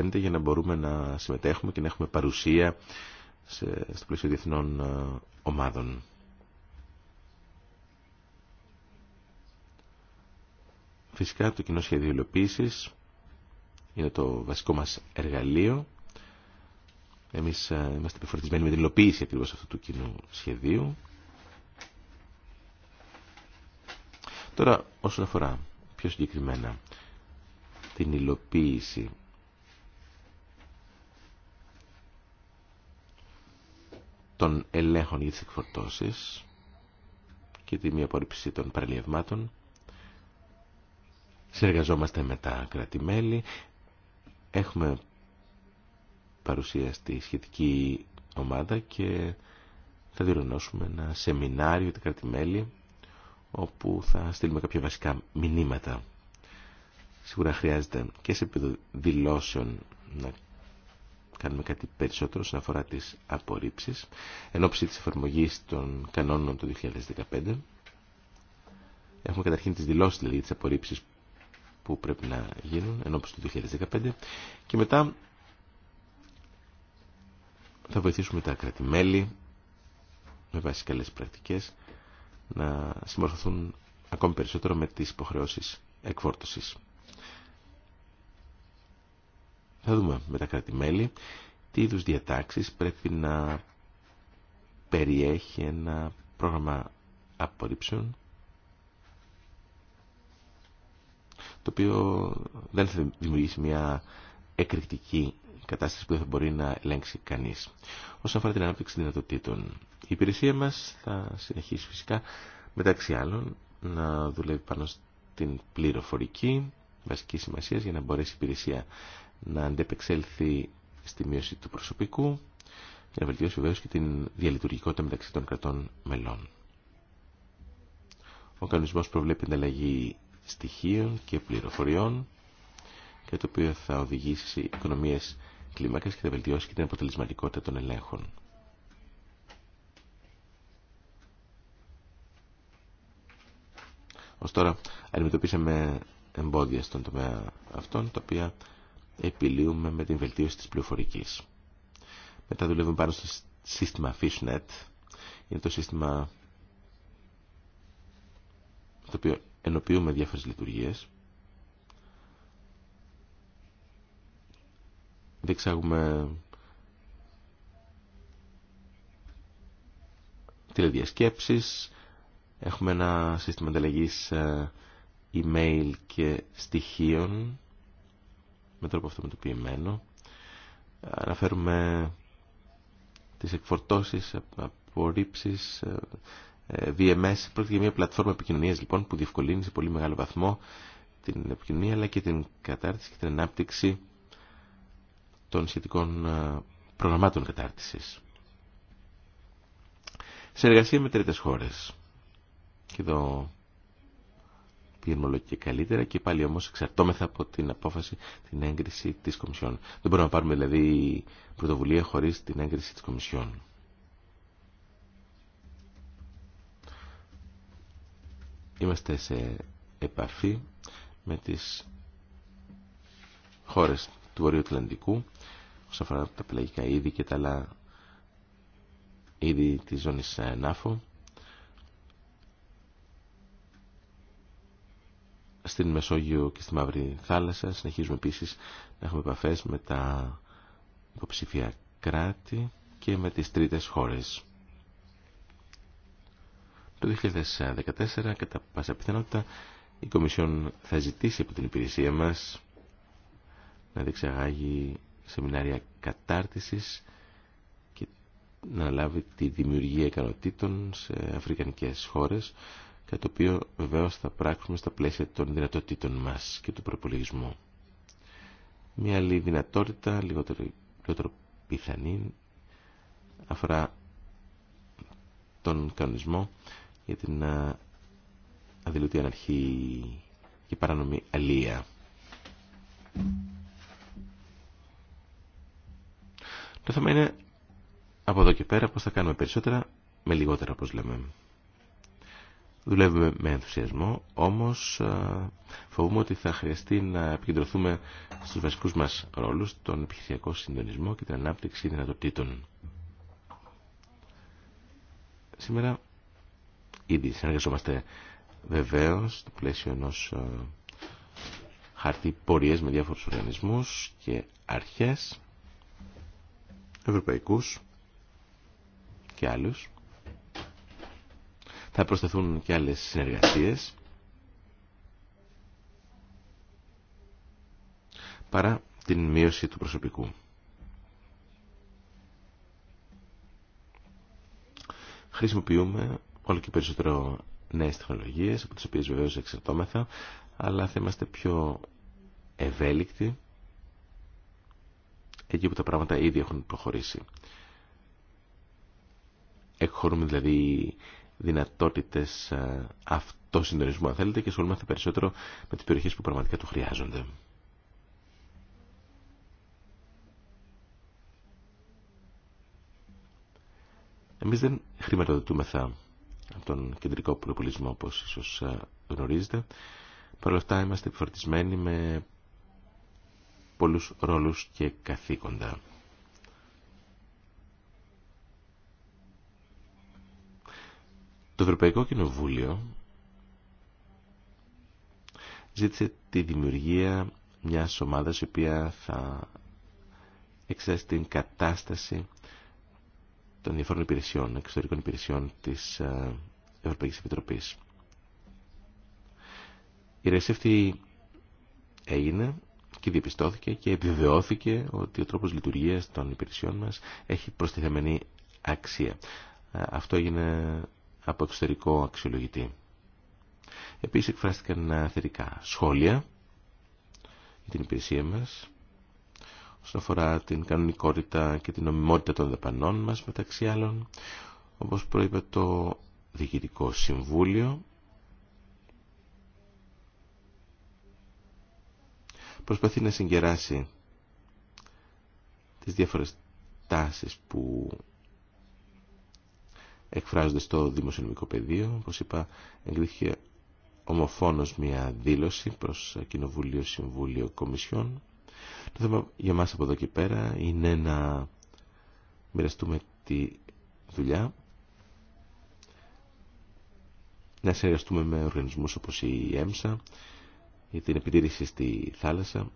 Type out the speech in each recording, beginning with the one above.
παίρνετε για να μπορούμε να συμμετέχουμε και να έχουμε παρουσία σε, στο πλαίσιο διεθνών ε, ομάδων. Φυσικά το κοινό σχέδιο υλοποίησης είναι το βασικό μας εργαλείο. Εμείς ε, είμαστε επιφορτισμένοι με την υλοποίηση ακριβώς αυτού του κοινού σχεδίου. Τώρα όσον αφορά πιο συγκεκριμένα την υλοποίηση των ελέγχων για τις εκφορτώσεις και τη μη απόρριψη των παραλιευμάτων. Συνεργαζόμαστε με τα κράτη-μέλη. Έχουμε παρουσία στη σχετική ομάδα και θα διοργανώσουμε ένα σεμινάριο για τα κράτη-μέλη όπου θα στείλουμε κάποια βασικά μηνύματα. Σίγουρα χρειάζεται και σε επίπεδο δηλώσεων να κάνουμε κάτι περισσότερο σχετικά αφορά τις απορρίψει εν ώψη της εφαρμογής των κανόνων του 2015. Έχουμε καταρχήν τις δηλώσεις δηλαδή τι απορρίψει που πρέπει να γίνουν εν του 2015 και μετά θα βοηθήσουμε τα κράτη-μέλη με βάση καλέ πρακτικές να συμμορφωθούν ακόμη περισσότερο με τις υποχρεώσει εκφόρτωσης. Θα δούμε με τα κρατη τι είδους διατάξεις πρέπει να περιέχει ένα πρόγραμμα απορρίψεων το οποίο δεν θα δημιουργήσει μια εκρηκτική κατάσταση που δεν θα μπορεί να ελέγξει κανείς. Όσον αφορά την ανάπτυξη δυνατοτήτων, η υπηρεσία μας θα συνεχίσει φυσικά μεταξύ άλλων να δουλεύει πάνω στην πληροφορική βασική σημασία για να μπορέσει η υπηρεσία να αντεπεξέλθει στη μείωση του προσωπικού και να βελτιώσει βεβαίω και την διαλειτουργικότητα μεταξύ των κρατών μελών. Ο κανονισμός προβλέπει ανταλλαγή στοιχείων και πληροφοριών και το οποίο θα οδηγήσει σε οικονομίε κλίμακα και θα βελτιώσει και την αποτελεσματικότητα των ελέγχων. Ως τώρα αντιμετωπίσαμε εμπόδια στον τομέα αυτών, τα οποία επιλύουμε με την βελτίωση της πληροφορικής. Μετά δουλεύουμε πάνω στο σύστημα Fishnet. Είναι το σύστημα το οποίο ενοποιούμε διάφορες λειτουργίες. Δεξάγουμε τηλεδιασκέψεις. Έχουμε ένα σύστημα ανταλλαγής ε, email και στοιχείων με τρόπο αυτοματοποιημένο. Αναφέρουμε τις εκφορτώσεις, απορρίψεις, VMS. Ε, Πρόκειται για μια πλατφόρμα επικοινωνίας λοιπόν που διευκολύνει σε πολύ μεγάλο βαθμό την επικοινωνία αλλά και την κατάρτιση και την ανάπτυξη των σχετικών ε, προγραμμάτων κατάρτισης. Σε εργασία με τρίτες χώρες. Και εδώ όλο και καλύτερα και πάλι όμως εξαρτώμεθα από την απόφαση, την έγκριση της Κομισιόν. Δεν μπορούμε να πάρουμε δηλαδή πρωτοβουλία χωρίς την έγκριση της Κομισιόν. Είμαστε σε επαφή με τις χώρες του Βορείου Ατλαντικού όσον αφορά τα πλαγικά είδη και τα άλλα είδη της ζώνης ΝΑΦΟ στην Μεσόγειο και στη Μαύρη Θάλασσα. Συνεχίζουμε επίσης να έχουμε επαφές με τα υποψηφία κράτη και με τις τρίτες χώρες. Το 2014, κατά πάσα πιθανότητα, η Κομισιόν θα ζητήσει από την υπηρεσία μας να διεξαγάγει σεμινάρια κατάρτισης και να λάβει τη δημιουργία ικανοτήτων σε αφρικανικές χώρες κατά το οποίο βεβαίως θα πράξουμε στα πλαίσια των δυνατοτήτων μας και του προπολογισμού. Μια άλλη δυνατότητα, λιγότερο, λιγότερο πιθανή, αφορά τον κανονισμό για την αδηλωτή αναρχή και παράνομη αλία. Το θέμα είναι από εδώ και πέρα πώς θα κάνουμε περισσότερα με λιγότερα όπως λέμε. Δουλεύουμε με ενθουσιασμό, όμως ε, φοβούμαι ότι θα χρειαστεί να επικεντρωθούμε στους βασικούς μας ρόλους, τον επιχειρησιακό συντονισμό και την ανάπτυξη δυνατοτήτων. Σήμερα ήδη συνεργαζόμαστε βεβαίως στο πλαίσιο ενός ε, χαρτί πορείες με διάφορους οργανισμούς και αρχές ευρωπαϊκούς και άλλους θα προσθεθούν και άλλες συνεργασίες. Παρά την μείωση του προσωπικού. Χρησιμοποιούμε όλο και περισσότερο νέες τεχνολογίες, από τις οποίες βεβαίως εξαρτώμεθα, αλλά θα είμαστε πιο ευέλικτοι εκεί που τα πράγματα ήδη έχουν προχωρήσει. Εκχωρούμε δηλαδή δυνατότητες ε, συντονισμού αν θέλετε και ασχολούμαστε περισσότερο με τις περιοχές που πραγματικά του χρειάζονται. Εμείς δεν χρηματοδοτούμεθα από τον κεντρικό προπολισμό όπως ίσως ε, γνωρίζετε. Παρ' όλα αυτά είμαστε επιφορτισμένοι με πολλούς ρόλους και καθήκοντα. Το Ευρωπαϊκό Κοινοβούλιο ζήτησε τη δημιουργία μιας ομάδας η οποία θα εξετάσει την κατάσταση των διαφόρων υπηρεσιών, εξωτερικών υπηρεσιών της ε, Ευρωπαϊκής Επιτροπής. Η ρεσία έγινε και διαπιστώθηκε και επιβεβαιώθηκε ότι ο τρόπος λειτουργίας των υπηρεσιών μας έχει προστιθεμένη αξία. Ε, αυτό έγινε από εξωτερικό αξιολογητή. Επίσης εκφράστηκαν ε, θετικά σχόλια για την υπηρεσία μας όσον αφορά την κανονικότητα και την νομιμότητα των δεπανών μας μεταξύ άλλων όπως προείπε το Διοικητικό Συμβούλιο προσπαθεί να συγκεράσει τις διάφορες τάσεις που εκφράζονται στο δημοσιονομικό πεδίο. όπω είπα, εγκρίθηκε ομοφόνος μια δήλωση προς Κοινοβουλίο, Συμβούλιο, Κομισιόν. Το θέμα για μας από εδώ και πέρα είναι να μοιραστούμε τη δουλειά, να συνεργαστούμε με οργανισμου όπως η ΕΜΣΑ, για την επιτήρηση στη θάλασσα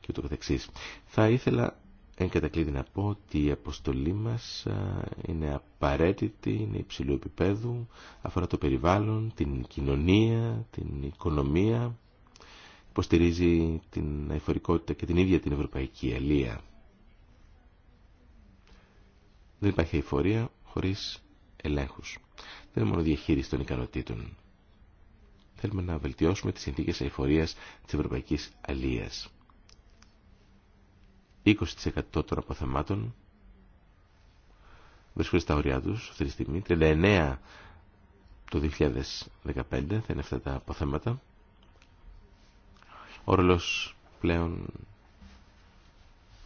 και ούτω καθεξής. Θα ήθελα Εν κατακλείδη να πω ότι η αποστολή μας είναι απαραίτητη, είναι υψηλού επίπεδου, αφορά το περιβάλλον, την κοινωνία, την οικονομία, υποστηρίζει την αηφορικότητα και την ίδια την ευρωπαϊκή αλία. Δεν υπάρχει αηφορία χωρίς ελέγχους. Δεν είναι μόνο διαχείριση των ικανοτήτων. Θέλουμε να βελτιώσουμε τις συνθήκες αηφορίας της ευρωπαϊκής αλίας. 20% των αποθεμάτων βρίσκονται στα ωριά τους αυτή τη στιγμή. 39% το 2015 θα είναι αυτά τα αποθέματα. Ο ρόλος πλέον,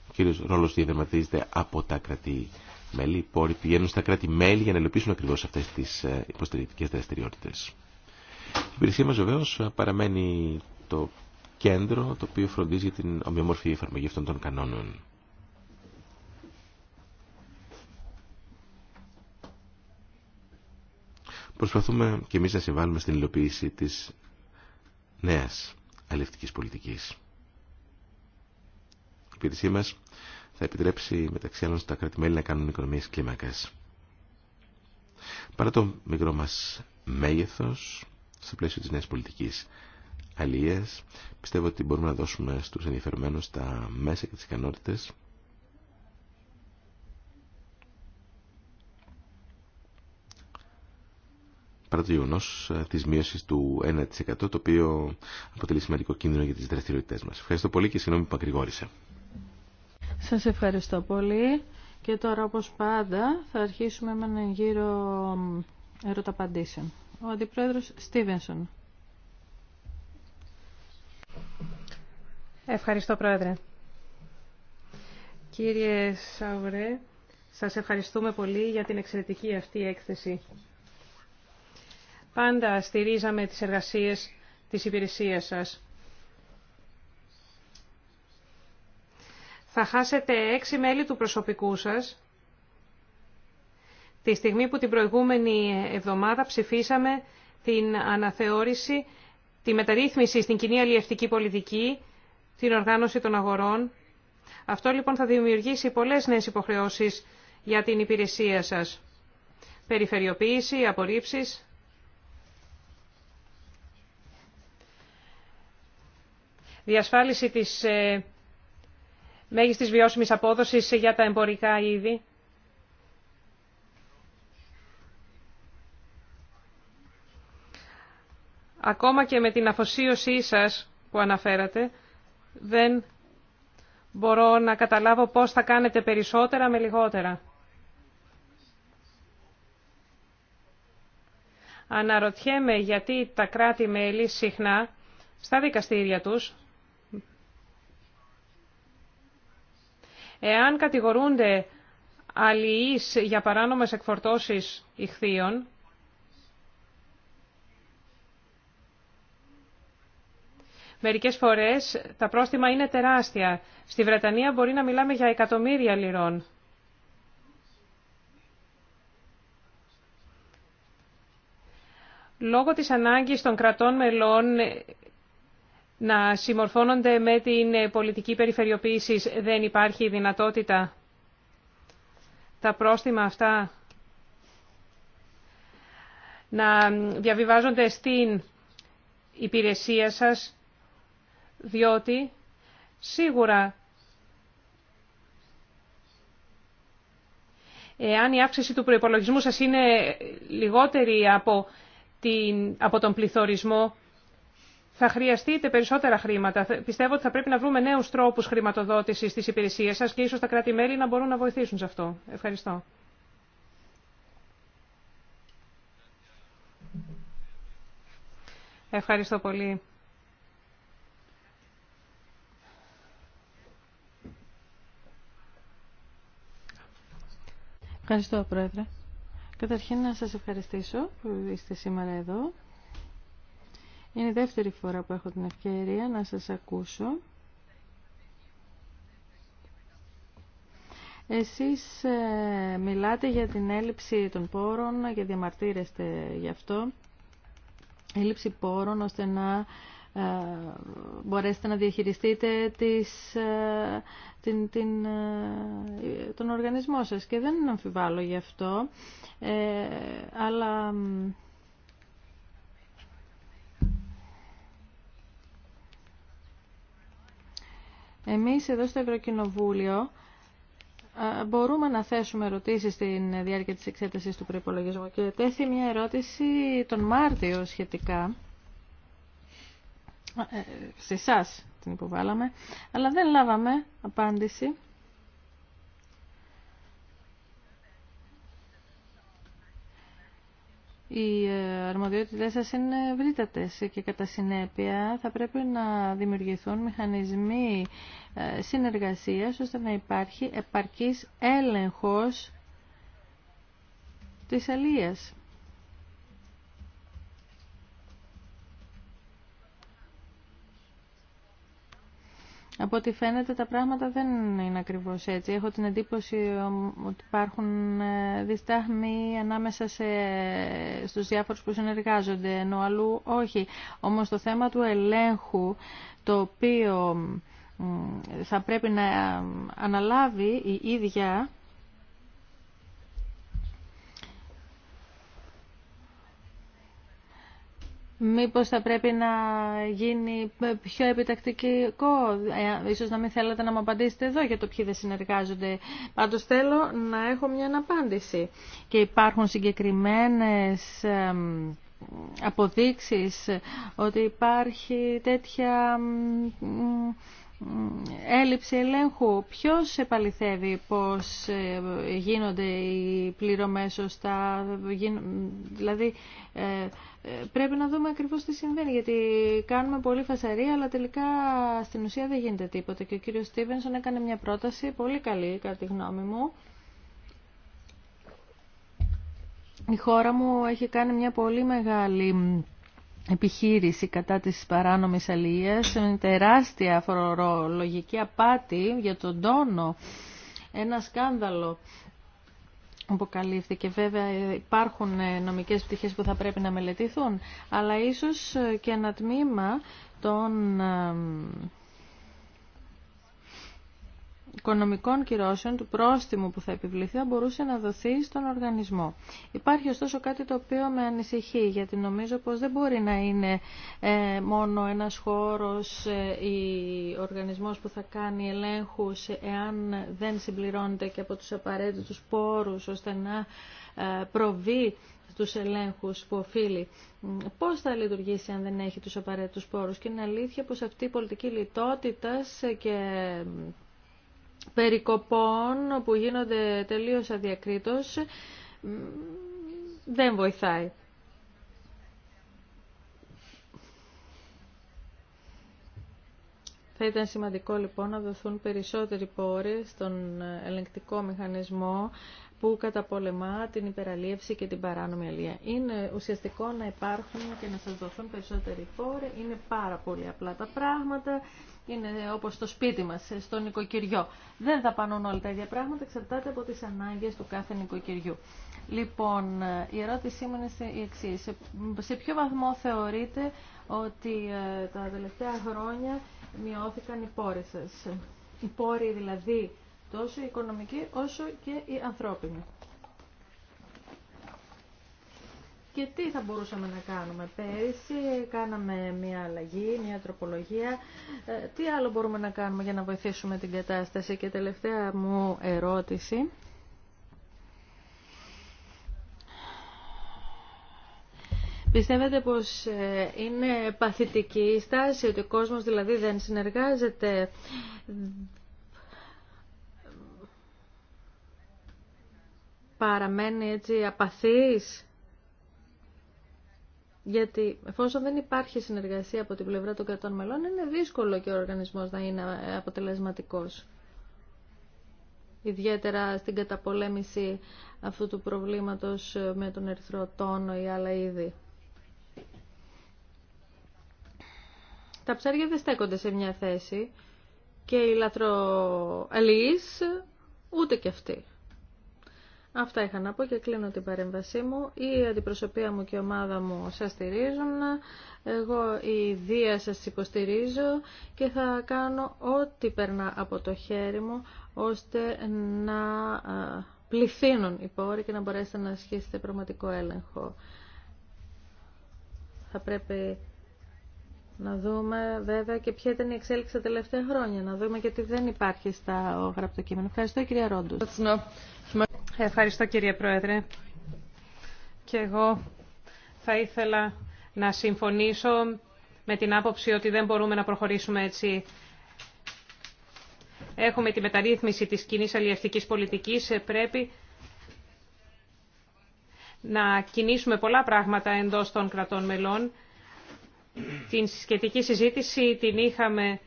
ο κύριος ρόλος διαδραματίζεται από τα κρατή μέλη. Οι πόροι πηγαίνουν στα κράτη μέλη για να ελοπίσουν ακριβώς αυτές τις ε, υποστηρικτικές δραστηριότητε. Η υπηρεσία μα βεβαίω παραμένει το κέντρο το οποίο φροντίζει την ομοιομορφή εφαρμογή αυτών των κανόνων. Προσπαθούμε και εμείς να συμβάλλουμε στην υλοποίηση της νέας αλληλευτικής πολιτικής. Η υπηρεσία μας θα επιτρέψει μεταξύ άλλων στα κρατη να κάνουν οικονομίες κλίμακας. Παρά το μικρό μας μέγεθος, στο πλαίσιο της νέας πολιτικής Πιστεύω ότι μπορούμε να δώσουμε στους ενδιαφερμένους τα μέσα και τις ικανότητες. Παρά το γεγονό ε, τη μείωση του 1% το οποίο αποτελεί σημαντικό κίνδυνο για τι δραστηριότητέ μα. Ευχαριστώ πολύ και συγγνώμη που Σας ευχαριστώ πολύ. Και τώρα, όπως πάντα, θα αρχίσουμε με έναν γύρο ερωταπαντήσεων. Ο αντιπρόεδρο Στίβενσον. Ευχαριστώ, Πρόεδρε. Κύριε Σαουρέ, σας ευχαριστούμε πολύ για την εξαιρετική αυτή έκθεση. Πάντα στηρίζαμε τις εργασίες της υπηρεσίας σας. Θα χάσετε έξι μέλη του προσωπικού σας, τη στιγμή που την προηγούμενη εβδομάδα ψηφίσαμε την αναθεώρηση τη μεταρρύθμιση στην κοινή αλλιευτική πολιτική, την οργάνωση των αγορών. Αυτό λοιπόν θα δημιουργήσει πολλές νέες υποχρεώσεις για την υπηρεσία σας. Περιφερειοποίηση, απορρίψεις. Διασφάλιση της ε, μέγιστης βιώσιμης απόδοσης για τα εμπορικά είδη. Ακόμα και με την αφοσίωσή σας που αναφέρατε, δεν μπορώ να καταλάβω πώς θα κάνετε περισσότερα με λιγότερα. Αναρωτιέμαι γιατί τα κράτη-μέλη συχνά στα δικαστήρια τους, εάν κατηγορούνται αλληλείς για παράνομες εκφορτώσεις ηχθείων, Μερικές φορές τα πρόστιμα είναι τεράστια. Στη Βρετανία μπορεί να μιλάμε για εκατομμύρια λιρών. Λόγω της ανάγκης των κρατών μελών να συμμορφώνονται με την πολιτική περιφερειοποίηση δεν υπάρχει δυνατότητα τα πρόστιμα αυτά να διαβιβάζονται στην υπηρεσία σας διότι σίγουρα εάν η αύξηση του προϋπολογισμού σας είναι λιγότερη από, την, από τον πληθωρισμό, θα χρειαστείτε περισσότερα χρήματα. Πιστεύω ότι θα πρέπει να βρούμε νέους τρόπους χρηματοδότησης της υπηρεσίας σας και ίσως τα κράτη-μέλη να μπορούν να βοηθήσουν σε αυτό. Ευχαριστώ. Ευχαριστώ πολύ. Ευχαριστώ, Πρόεδρε. Καταρχήν να σας ευχαριστήσω που είστε σήμερα εδώ. Είναι η δεύτερη φορά που έχω την ευκαιρία να σας ακούσω. Εσείς ε, μιλάτε για την έλλειψη των πόρων και διαμαρτύρεστε γι' αυτό. Έλλειψη πόρων ώστε να ε, μπορέσετε να διαχειριστείτε τις, ε, την, την, ε, τον οργανισμό σας και δεν αμφιβάλλω γι' αυτό ε, αλλά εμείς εδώ στο Ευρωκοινοβούλιο μπορούμε να θέσουμε ερωτήσεις στη διάρκεια της εξέτασης του προϋπολογισμού και τέθη μια ερώτηση τον Μάρτιο σχετικά ε, σε εσά την υποβάλαμε, αλλά δεν λάβαμε απάντηση. Οι ε, αρμοδιότητες σας είναι βρύτατες και κατά συνέπεια θα πρέπει να δημιουργηθούν μηχανισμοί ε, συνεργασίας ώστε να υπάρχει επαρκής έλεγχος της αλίας. Από ό,τι φαίνεται τα πράγματα δεν είναι ακριβώς έτσι. Έχω την εντύπωση ότι υπάρχουν ε, διστάχμοι ανάμεσα σε, στους διάφορους που συνεργάζονται, ενώ αλλού όχι. Όμως το θέμα του ελέγχου, το οποίο θα πρέπει να αναλάβει η ίδια Μήπως θα πρέπει να γίνει πιο επιτακτικό, ε, ίσως να μην θέλετε να μου απαντήσετε εδώ για το ποιοι δεν συνεργάζονται. Πάντως θέλω να έχω μια απάντηση. Και υπάρχουν συγκεκριμένες αποδείξεις ότι υπάρχει τέτοια ε, έλλειψη ελέγχου. Ποιος επαληθεύει πώς ε, γίνονται οι πληρωμές σωστά, δηλαδή ε, πρέπει να δούμε ακριβώς τι συμβαίνει, γιατί κάνουμε πολύ φασαρία, αλλά τελικά στην ουσία δεν γίνεται τίποτα. Και ο κύριος Στίβενσον έκανε μια πρόταση, πολύ καλή κατά τη γνώμη μου, η χώρα μου έχει κάνει μια πολύ μεγάλη επιχείρηση κατά της παράνομης αλληλείας, με τεράστια φορολογική απάτη για τον τόνο, ένα σκάνδαλο αποκαλύφθηκε. Βέβαια υπάρχουν ε, νομικές πτυχές που θα πρέπει να μελετηθούν, αλλά ίσως και ένα τμήμα των ε, οικονομικών κυρώσεων, του πρόστιμου που θα επιβληθεί, θα μπορούσε να δοθεί στον οργανισμό. Υπάρχει ωστόσο κάτι το οποίο με ανησυχεί, γιατί νομίζω πως δεν μπορεί να είναι ε, μόνο ένας χώρος ε, ή οργανισμός που θα κάνει ελέγχους εάν δεν συμπληρώνεται και από τους απαραίτητους πόρους ώστε να ε, προβεί τους ελέγχους που οφείλει. Πώς θα λειτουργήσει αν δεν έχει τους απαραίτητους πόρους. Και είναι αλήθεια πως αυτή η πολιτική λιτότητας και περικοπών που γίνονται τελείως αδιακρίτως δεν βοηθάει. Θα ήταν σημαντικό λοιπόν να δοθούν περισσότεροι πόροι στον ελεγκτικό μηχανισμό που καταπολεμά την υπεραλίευση και την παράνομη αλία. Είναι ουσιαστικό να υπάρχουν και να σας δοθούν περισσότεροι πόροι. Είναι πάρα πολύ απλά τα πράγματα. Είναι όπως στο σπίτι μας, στο νοικοκυριό. Δεν θα πανούν όλα τα ίδια πράγματα, εξαρτάται από τις ανάγκες του κάθε νοικοκυριού. Λοιπόν, η ερώτησή μου είναι η εξή. Σε ποιο βαθμό θεωρείτε ότι ε, τα τελευταία χρόνια μειώθηκαν οι πόροι σας. Οι πόροι δηλαδή τόσο η οικονομική όσο και η ανθρώπινη. Και τι θα μπορούσαμε να κάνουμε. Πέρυσι κάναμε μια αλλαγή, μια τροπολογία. Ε, τι άλλο μπορούμε να κάνουμε για να βοηθήσουμε την κατάσταση. Και τελευταία μου ερώτηση. Πιστεύετε πως ε, είναι παθητική η στάση, ότι ο κόσμος δηλαδή δεν συνεργάζεται παραμένει έτσι απαθής. Γιατί εφόσον δεν υπάρχει συνεργασία από την πλευρά των κρατών μελών, είναι δύσκολο και ο οργανισμός να είναι ε, αποτελεσματικός. Ιδιαίτερα στην καταπολέμηση αυτού του προβλήματος ε, με τον ερθρό ή άλλα είδη. Τα ψάρια δεν στέκονται σε μια θέση και οι λαθροαλείς ούτε και αυτοί. Αυτά είχα να πω και κλείνω την παρέμβασή μου. Η αντιπροσωπεία μου και η ομάδα μου σας στηρίζουν. Εγώ η Δία σας υποστηρίζω και θα κάνω ό,τι περνά από το χέρι μου ώστε να πληθύνουν οι πόροι και να μπορέσετε να ασχίσετε πραγματικό έλεγχο. Θα πρέπει να δούμε βέβαια και ποια ήταν η εξέλιξη τα τελευταία χρόνια. Να δούμε γιατί δεν υπάρχει στα γραπτοκείμενα. Ευχαριστώ κυρία Ρόντου. Ευχαριστώ κύριε Πρόεδρε. Και εγώ θα ήθελα να συμφωνήσω με την άποψη ότι δεν μπορούμε να προχωρήσουμε έτσι. Έχουμε τη μεταρρύθμιση της κοινή αλληλευτικής πολιτικής. Ε, πρέπει να κινήσουμε πολλά πράγματα εντός των κρατών μελών. Την σχετική συζήτηση την είχαμε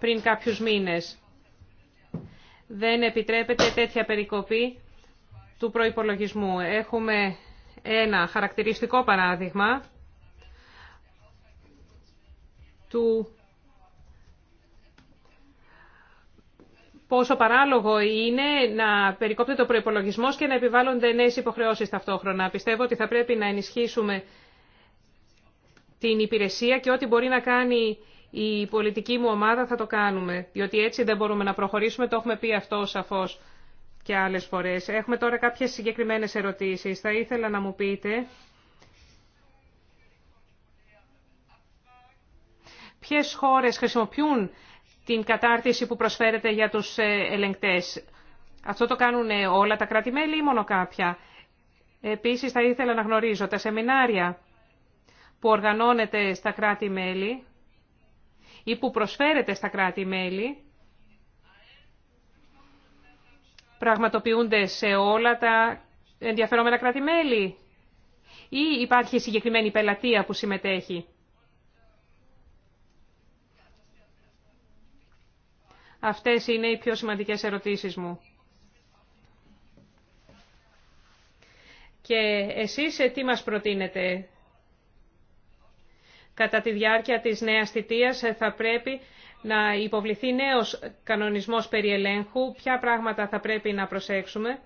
πριν κάποιους μήνες. Δεν επιτρέπεται τέτοια περικοπή του προϋπολογισμού. Έχουμε ένα χαρακτηριστικό παράδειγμα του πόσο παράλογο είναι να περικόπτεται ο προϋπολογισμός και να επιβάλλονται νέες υποχρεώσεις ταυτόχρονα. Πιστεύω ότι θα πρέπει να ενισχύσουμε την υπηρεσία και ό,τι μπορεί να κάνει η πολιτική μου ομάδα θα το κάνουμε. Διότι έτσι δεν μπορούμε να προχωρήσουμε, το έχουμε πει αυτό σαφώς και άλλες φορές. Έχουμε τώρα κάποιες συγκεκριμένες ερωτήσεις. Θα ήθελα να μου πείτε ποιες χώρες χρησιμοποιούν την κατάρτιση που προσφέρεται για τους ε, ελεγκτές. Αυτό το κάνουν ε, όλα τα κράτη-μέλη ή μόνο κάποια. Επίσης θα ήθελα να γνωρίζω τα σεμινάρια που οργανώνεται στα κράτη-μέλη ή που προσφέρεται στα κράτη-μέλη πραγματοποιούνται σε όλα τα ενδιαφερόμενα κράτη-μέλη ή υπάρχει συγκεκριμένη πελατεία που συμμετέχει. Αυτές είναι οι πιο σημαντικές ερωτήσεις μου. Και εσείς τι μας προτείνετε. Κατά τη διάρκεια της νέας θητείας θα πρέπει να υποβληθεί νέος κανονισμός περί ελέγχου, ποια πράγματα θα πρέπει να προσέξουμε,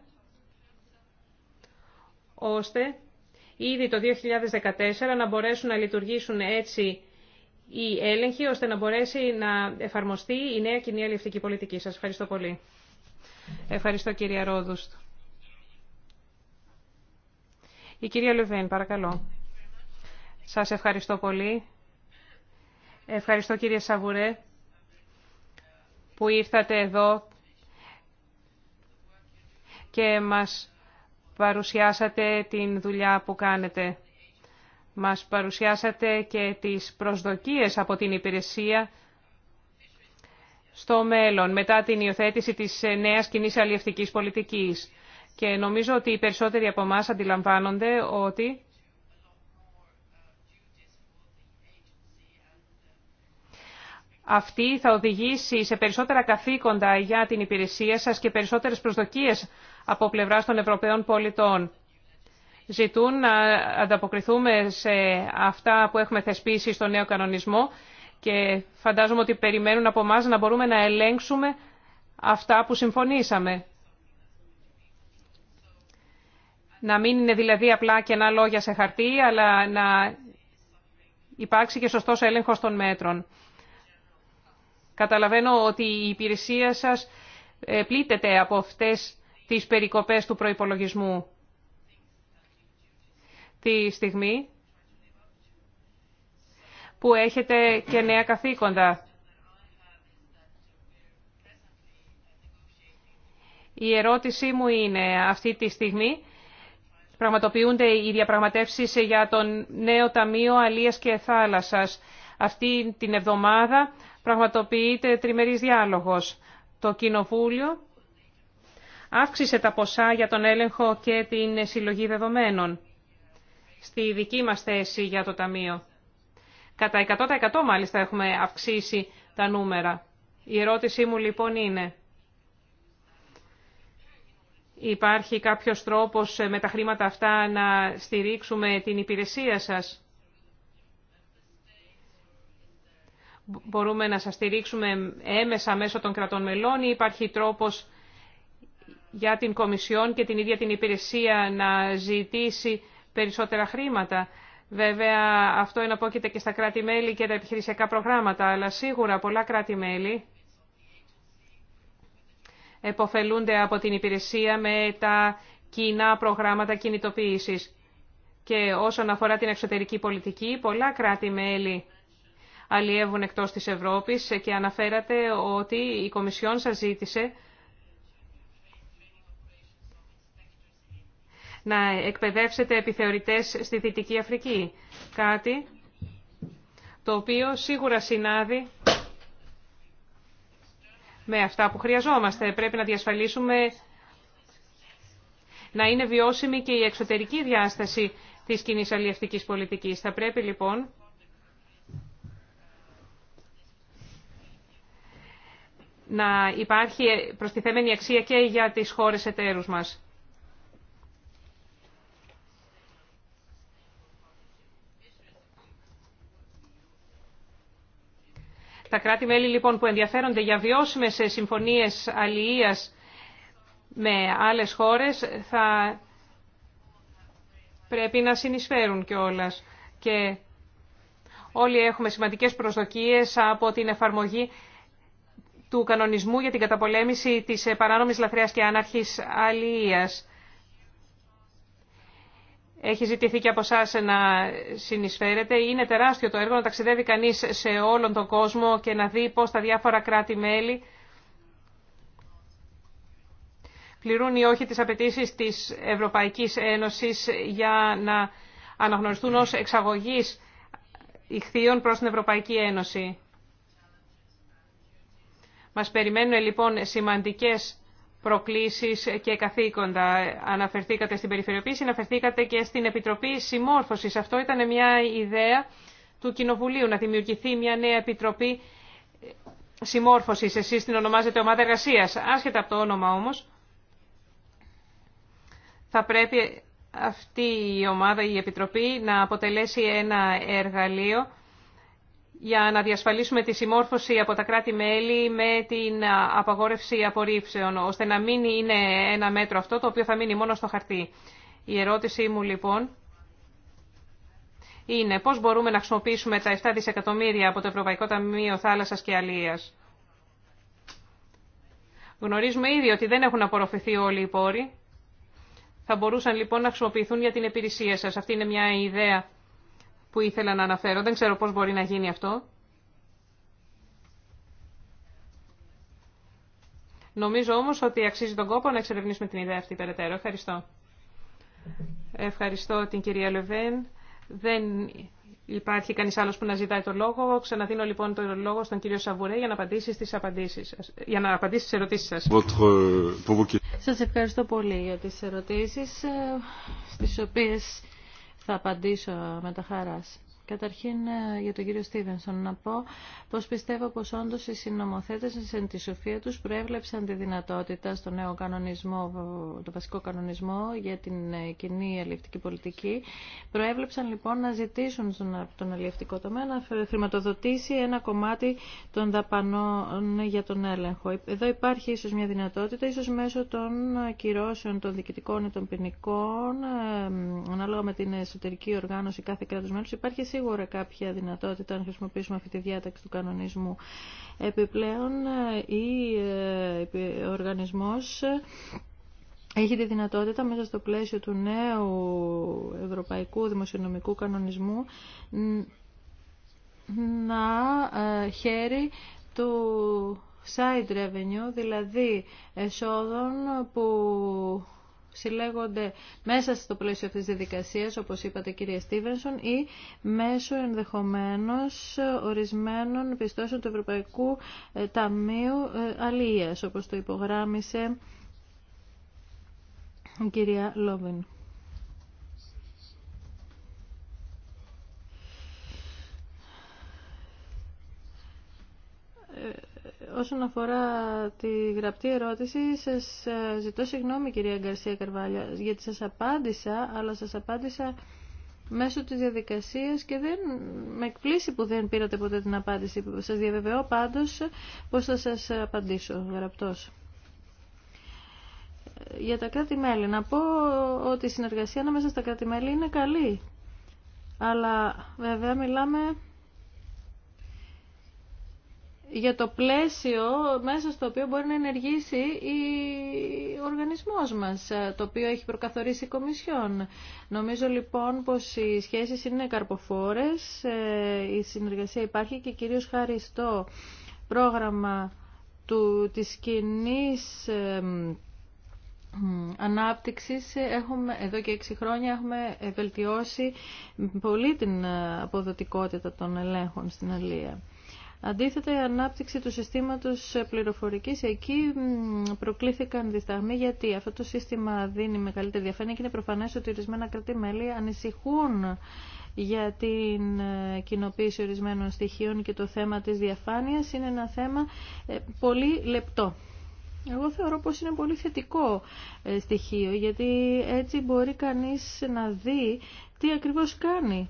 ώστε ήδη το 2014 να μπορέσουν να λειτουργήσουν έτσι οι έλεγχοι, ώστε να μπορέσει να εφαρμοστεί η νέα κοινή αλληλευτική πολιτική. Σας ευχαριστώ πολύ. Ευχαριστώ κυρία Ρόδουστ. Η κυρία Λεβέν, παρακαλώ. Σας ευχαριστώ πολύ. Ευχαριστώ κύριε Σαβουρέ που ήρθατε εδώ και μας παρουσιάσατε την δουλειά που κάνετε. Μας παρουσιάσατε και τις προσδοκίες από την υπηρεσία στο μέλλον, μετά την υιοθέτηση της νέας κοινή αλλιευτικής πολιτικής. Και νομίζω ότι οι περισσότεροι από εμά αντιλαμβάνονται ότι αυτή θα οδηγήσει σε περισσότερα καθήκοντα για την υπηρεσία σας και περισσότερες προσδοκίες από πλευράς των Ευρωπαίων πολιτών. Ζητούν να ανταποκριθούμε σε αυτά που έχουμε θεσπίσει στο νέο κανονισμό και φαντάζομαι ότι περιμένουν από εμά να μπορούμε να ελέγξουμε αυτά που συμφωνήσαμε. Να μην είναι δηλαδή απλά κενά λόγια σε χαρτί, αλλά να υπάρξει και σωστός έλεγχος των μέτρων. Καταλαβαίνω ότι η υπηρεσία σας ε, πλήττεται από αυτές τις περικοπές του προϋπολογισμού. Τη στιγμή που έχετε και νέα καθήκοντα. Η ερώτησή μου είναι αυτή τη στιγμή πραγματοποιούνται οι διαπραγματεύσεις για τον νέο Ταμείο Αλίας και Θάλασσας. Αυτή την εβδομάδα πραγματοποιείται τριμερής διάλογος. Το Κοινοβούλιο αύξησε τα ποσά για τον έλεγχο και την συλλογή δεδομένων στη δική μας θέση για το Ταμείο. Κατά 100% μάλιστα έχουμε αυξήσει τα νούμερα. Η ερώτησή μου λοιπόν είναι, υπάρχει κάποιος τρόπος ε, με τα χρήματα αυτά να στηρίξουμε την υπηρεσία σας. μπορούμε να σας στηρίξουμε έμεσα μέσω των κρατών μελών ή υπάρχει τρόπος για την Κομισιόν και την ίδια την υπηρεσία να ζητήσει περισσότερα χρήματα. Βέβαια, αυτό εναπόκειται και στα κράτη-μέλη και τα επιχειρησιακά προγράμματα, αλλά σίγουρα πολλά κράτη-μέλη εποφελούνται από την υπηρεσία με τα κοινά προγράμματα κινητοποίησης. Και όσον αφορά την εξωτερική πολιτική, πολλά κράτη-μέλη αλλιεύουν εκτός της Ευρώπης και αναφέρατε ότι η Κομισιόν σας ζήτησε να εκπαιδεύσετε επιθεωρητές στη Δυτική Αφρική. Κάτι το οποίο σίγουρα συνάδει με αυτά που χρειαζόμαστε. Πρέπει να διασφαλίσουμε να είναι βιώσιμη και η εξωτερική διάσταση της κοινή αλλιευτικής πολιτικής. Θα πρέπει λοιπόν να υπάρχει προστιθέμενη αξία και για τις χώρες εταίρους μας. Τα κράτη-μέλη λοιπόν που ενδιαφέρονται για βιώσιμες συμφωνίες αλληλείας με άλλες χώρες θα πρέπει να συνεισφέρουν κιόλα. Και όλοι έχουμε σημαντικές προσδοκίες από την εφαρμογή του κανονισμού για την καταπολέμηση της ε, παράνομης λαθρείας και άναρχης αλληλείας. Έχει ζητηθεί και από εσά να συνεισφέρετε. Είναι τεράστιο το έργο να ταξιδεύει κανείς σε όλον τον κόσμο και να δει πώς τα διάφορα κράτη-μέλη πληρούν ή όχι τις απαιτήσεις της Ευρωπαϊκής Ένωσης για να αναγνωριστούν ως εξαγωγής ηχθείων προς την Ευρωπαϊκή Ένωση. Μας περιμένουν λοιπόν σημαντικές προκλήσεις και καθήκοντα. Αναφερθήκατε στην περιφερειοποίηση, αναφερθήκατε και στην Επιτροπή Συμμόρφωσης. Αυτό ήταν μια ιδέα του Κοινοβουλίου, να δημιουργηθεί μια νέα Επιτροπή Συμμόρφωσης. Εσείς την ονομάζετε Ομάδα Εργασίας, άσχετα από το όνομα όμως. Θα πρέπει αυτή η ομάδα, η Επιτροπή, να αποτελέσει ένα εργαλείο για να διασφαλίσουμε τη συμμόρφωση από τα κράτη-μέλη με την απαγόρευση απορρίψεων, ώστε να μην είναι ένα μέτρο αυτό το οποίο θα μείνει μόνο στο χαρτί. Η ερώτησή μου λοιπόν είναι πώς μπορούμε να χρησιμοποιήσουμε τα 7 δισεκατομμύρια από το Ευρωπαϊκό Ταμείο Θάλασσας και Αλίας. Γνωρίζουμε ήδη ότι δεν έχουν απορροφηθεί όλοι οι πόροι. Θα μπορούσαν λοιπόν να χρησιμοποιηθούν για την υπηρεσία σας. Αυτή είναι μια ιδέα που ήθελα να αναφέρω. Δεν ξέρω πώς μπορεί να γίνει αυτό. Νομίζω όμως ότι αξίζει τον κόπο να εξερευνήσουμε την ιδέα αυτή περαιτέρω. Ευχαριστώ. Ευχαριστώ την κυρία Λεβέν. Δεν υπάρχει κανείς άλλος που να ζητάει το λόγο. Ξαναδίνω λοιπόν το λόγο στον κύριο Σαβουρέ για να απαντήσει στις, απαντήσεις, για να απαντήσει στις ερωτήσεις σας. Σας ευχαριστώ πολύ για τις ερωτήσεις, ε, στις οποίες θα απαντήσω με τα χαράς. Καταρχήν ε, για τον κύριο Στίβενσον να πω πως πιστεύω πως όντως οι συνομοθέτες εν τη σοφία τους προέβλεψαν τη δυνατότητα στο νέο κανονισμό, το βασικό κανονισμό για την ε, κοινή αλληλευτική πολιτική. Προέβλεψαν λοιπόν να ζητήσουν τον αλληλευτικό τομέα να χρηματοδοτήσει ένα κομμάτι των δαπανών για τον έλεγχο. Ε, εδώ υπάρχει ίσως μια δυνατότητα, ίσως μέσω των κυρώσεων των διοικητικών ή των ποινικών, ανάλογα με την εσωτερική οργάνωση κάθε κράτους μέλους, υπάρχει σίγουρα κάποια δυνατότητα να χρησιμοποιήσουμε αυτή τη διάταξη του κανονισμού. Επιπλέον, ε, ο οργανισμός έχει τη δυνατότητα μέσα στο πλαίσιο του νέου ευρωπαϊκού δημοσιονομικού κανονισμού να ε, χέρει του side revenue, δηλαδή εσόδων που συλλέγονται μέσα στο πλαίσιο αυτής της διαδικασίας, όπως είπατε κύριε Στίβενσον, ή μέσω ενδεχομένως ορισμένων πιστώσεων του Ευρωπαϊκού ε, Ταμείου ε, Αλίας, όπως το υπογράμμισε η κυρία Λόβιν. Ε, όσον αφορά τη γραπτή ερώτηση, σας ε, ζητώ συγγνώμη κυρία Γκαρσία Καρβάλια, γιατί σας απάντησα, αλλά σας απάντησα μέσω της διαδικασίας και δεν, με εκπλήσει που δεν πήρατε ποτέ την απάντηση. Σας διαβεβαιώ πάντως πώς θα σας απαντήσω γραπτός. Ε, για τα κράτη-μέλη, να πω ότι η συνεργασία ανάμεσα στα κράτη-μέλη είναι καλή. Αλλά βέβαια μιλάμε για το πλαίσιο μέσα στο οποίο μπορεί να ενεργήσει ο οργανισμός μας, ε, το οποίο έχει προκαθορίσει η Κομισιόν. Νομίζω λοιπόν πως οι σχέσεις είναι καρποφόρες, ε, η συνεργασία υπάρχει και κυρίως χάρη στο πρόγραμμα του, της κοινή ε, ανάπτυξης έχουμε, εδώ και έξι χρόνια έχουμε βελτιώσει πολύ την αποδοτικότητα των ελέγχων στην Αλία. Αντίθετα, η ανάπτυξη του συστήματος πληροφορικής εκεί προκλήθηκαν δισταγμοί γιατί αυτό το σύστημα δίνει μεγαλύτερη διαφάνεια και είναι προφανές ότι ορισμένα κρατή-μέλη ανησυχούν για την ε, κοινοποίηση ορισμένων στοιχείων και το θέμα της διαφάνειας είναι ένα θέμα ε, πολύ λεπτό. Εγώ θεωρώ πως είναι πολύ θετικό ε, στοιχείο γιατί έτσι μπορεί κανείς να δει τι ακριβώς κάνει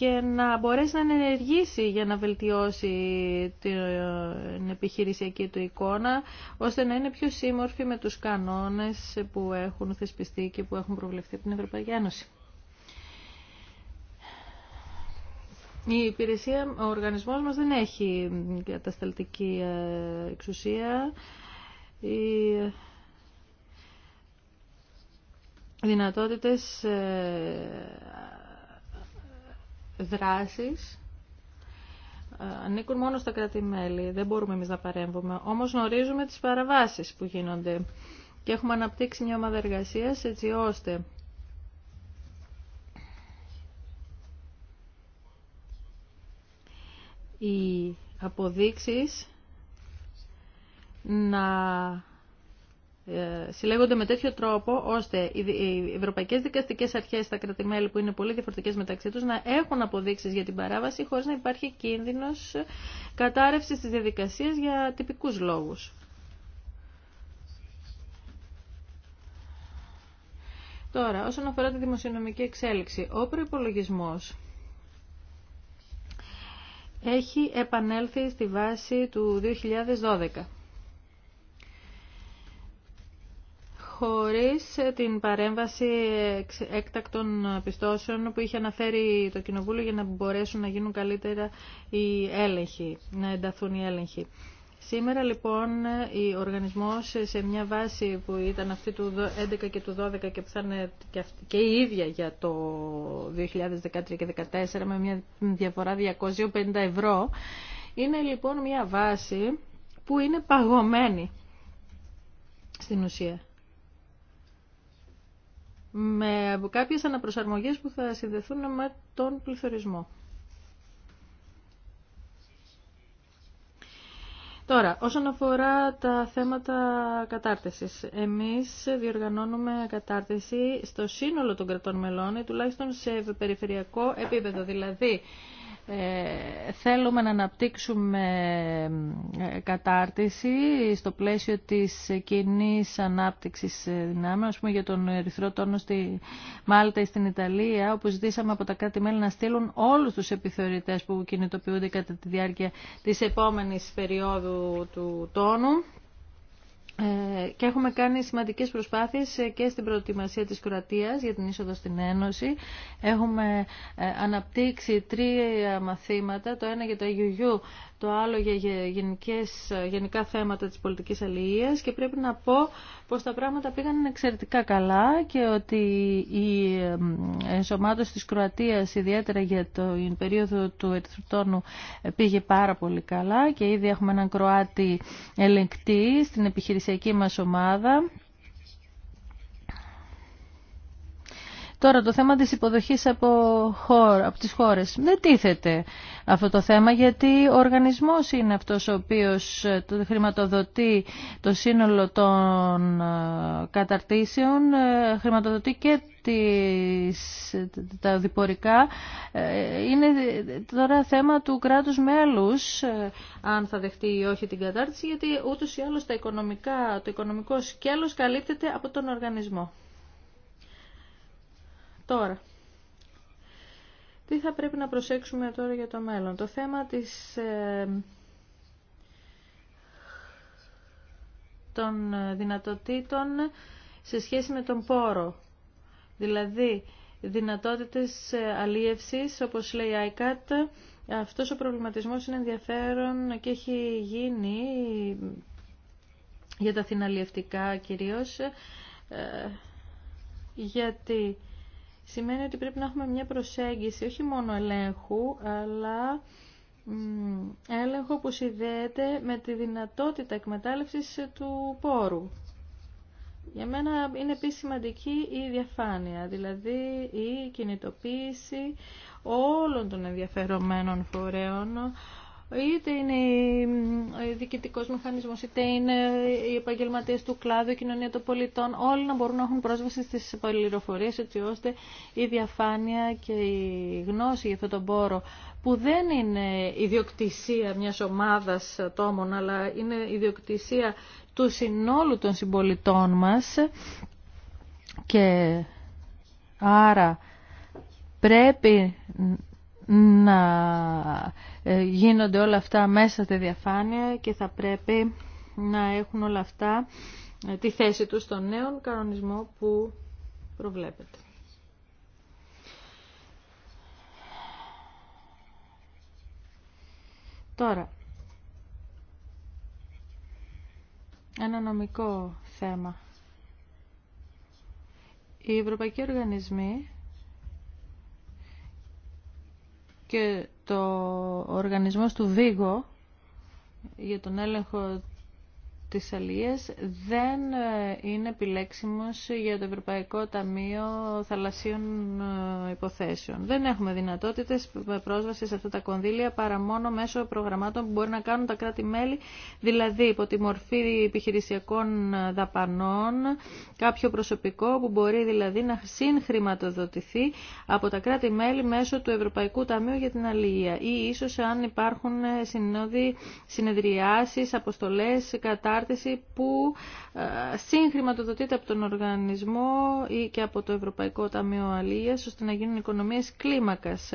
και να μπορέσει να ενεργήσει για να βελτιώσει την επιχειρησιακή του εικόνα, ώστε να είναι πιο σύμμορφη με τους κανόνες που έχουν θεσπιστεί και που έχουν προβλεφθεί από την Ευρωπαϊκή Ένωση. Η υπηρεσία, ο οργανισμός μας δεν έχει κατασταλτική ε, εξουσία. οι ε, δυνατότητες ε, δράσεις ε, ανήκουν μόνο στα κράτη-μέλη. Δεν μπορούμε εμείς να παρέμβουμε. Όμως γνωρίζουμε τις παραβάσεις που γίνονται και έχουμε αναπτύξει μια ομάδα εργασία έτσι ώστε οι αποδείξεις να ε, συλλέγονται με τέτοιο τρόπο ώστε οι ευρωπαϊκές δικαστικές αρχές στα κρατημέλη που είναι πολύ διαφορετικές μεταξύ τους να έχουν αποδείξεις για την παράβαση χωρίς να υπάρχει κίνδυνος κατάρρευσης τη διαδικασία για τυπικού λόγους. Τώρα, όσον αφορά τη δημοσιονομική εξέλιξη, ο προπολογισμό έχει επανέλθει στη βάση του 2012. χωρίς την παρέμβαση έκτακτων πιστώσεων που είχε αναφέρει το Κοινοβούλιο για να μπορέσουν να γίνουν καλύτερα οι έλεγχοι, να ενταθούν οι έλεγχοι. Σήμερα λοιπόν ο οργανισμός σε μια βάση που ήταν αυτή του 11 και του 12 και που θα είναι και η ίδια για το 2013 και 2014 με μια διαφορά 250 ευρώ είναι λοιπόν μια βάση που είναι παγωμένη στην ουσία με κάποιες αναπροσαρμογές που θα συνδεθούν με τον πληθωρισμό. Τώρα, όσον αφορά τα θέματα κατάρτισης, εμείς διοργανώνουμε κατάρτιση στο σύνολο των κρατών μελών τουλάχιστον σε περιφερειακό επίπεδο, δηλαδή ε, θέλουμε να αναπτύξουμε ε, κατάρτιση στο πλαίσιο της κοινή ανάπτυξης δυνάμεων, ας πούμε για τον ερυθρό τόνο στη Μάλτα ή στην Ιταλία, όπου ζητήσαμε από τα κράτη-μέλη να στείλουν όλους τους επιθεωρητές που κινητοποιούνται κατά τη διάρκεια της επόμενης περίοδου του τόνου ε, και έχουμε κάνει σημαντικές προσπάθειες ε, και στην προετοιμασία της Κροατίας για την είσοδο στην Ένωση. Έχουμε ε, αναπτύξει τρία μαθήματα, το ένα για το IUU το άλλο για γενικά θέματα της πολιτικής αλληλείας και πρέπει να πω πως τα πράγματα πήγαν εξαιρετικά καλά και ότι η ενσωμάτωση της Κροατίας ιδιαίτερα για την περίοδο του Ερθρουτώνου πήγε πάρα πολύ καλά και ήδη έχουμε έναν Κροάτι ελεγκτή στην επιχειρησιακή μας ομάδα Τώρα το θέμα της υποδοχής από, από τις χώρες δεν τίθεται αυτό το θέμα γιατί ο οργανισμός είναι αυτός ο οποίος ε, χρηματοδοτεί το σύνολο των ε, καταρτήσεων, ε, χρηματοδοτεί και τα διπορικά είναι τώρα θέμα του κράτους μέλους αν θα δεχτεί ή όχι την κατάρτιση γιατί ούτως ή άλλως τα οικονομικά, το οικονομικό σκέλος καλύπτεται από τον οργανισμό. Τώρα, τι θα πρέπει να προσέξουμε τώρα για το μέλλον. Το θέμα της, ε, των δυνατοτήτων σε σχέση με τον πόρο. Δηλαδή, δυνατότητες ε, αλίευσης, όπως λέει η ICAT, αυτός ο προβληματισμός είναι ενδιαφέρον και έχει γίνει για τα θυναλιευτικά κυρίως, ε, γιατί σημαίνει ότι πρέπει να έχουμε μια προσέγγιση όχι μόνο ελέγχου, αλλά έλεγχο που συνδέεται με τη δυνατότητα εκμετάλλευσης του πόρου. Για μένα είναι επίσης σημαντική η διαφάνεια, δηλαδή η κινητοποίηση όλων των ενδιαφερομένων φορέων είτε είναι ε, διοικητικός μηχανισμός, είτε είναι οι επαγγελματίε του κλάδου, η κοινωνία των πολιτών, όλοι να μπορούν να έχουν πρόσβαση στις πληροφορίε έτσι ώστε η διαφάνεια και η γνώση για αυτόν τον πόρο που δεν είναι ιδιοκτησία μιας ομάδας ατόμων αλλά είναι ιδιοκτησία του συνόλου των συμπολιτών μας και άρα πρέπει να ε, γίνονται όλα αυτά μέσα στη διαφάνεια και θα πρέπει να έχουν όλα αυτά ε, τη θέση τους στον νέο κανονισμό που προβλέπεται. Τώρα, ένα νομικό θέμα. Οι ευρωπαϊκοί οργανισμοί και το οργανισμός του Βίγο για τον έλεγχο της δεν ε, είναι επιλέξιμος για το Ευρωπαϊκό Ταμείο Θαλασσίων ε, Υποθέσεων. Δεν έχουμε δυνατότητες πρόσβαση σε αυτά τα κονδύλια παρά μόνο μέσω προγραμμάτων που μπορεί να κάνουν τα κράτη-μέλη, δηλαδή υπό τη μορφή επιχειρησιακών ε, δαπανών, κάποιο προσωπικό που μπορεί δηλαδή να συγχρηματοδοτηθεί από τα κράτη-μέλη μέσω του Ευρωπαϊκού Ταμείου για την Αλληλεία ή ίσως αν υπάρχουν συνόδοι, συνεδριάσεις, αποστολές, κατά που ε, συγχρηματοδοτείται από τον οργανισμό ή και από το Ευρωπαϊκό Ταμείο Αλίας ώστε να γίνουν οικονομίες κλίμακας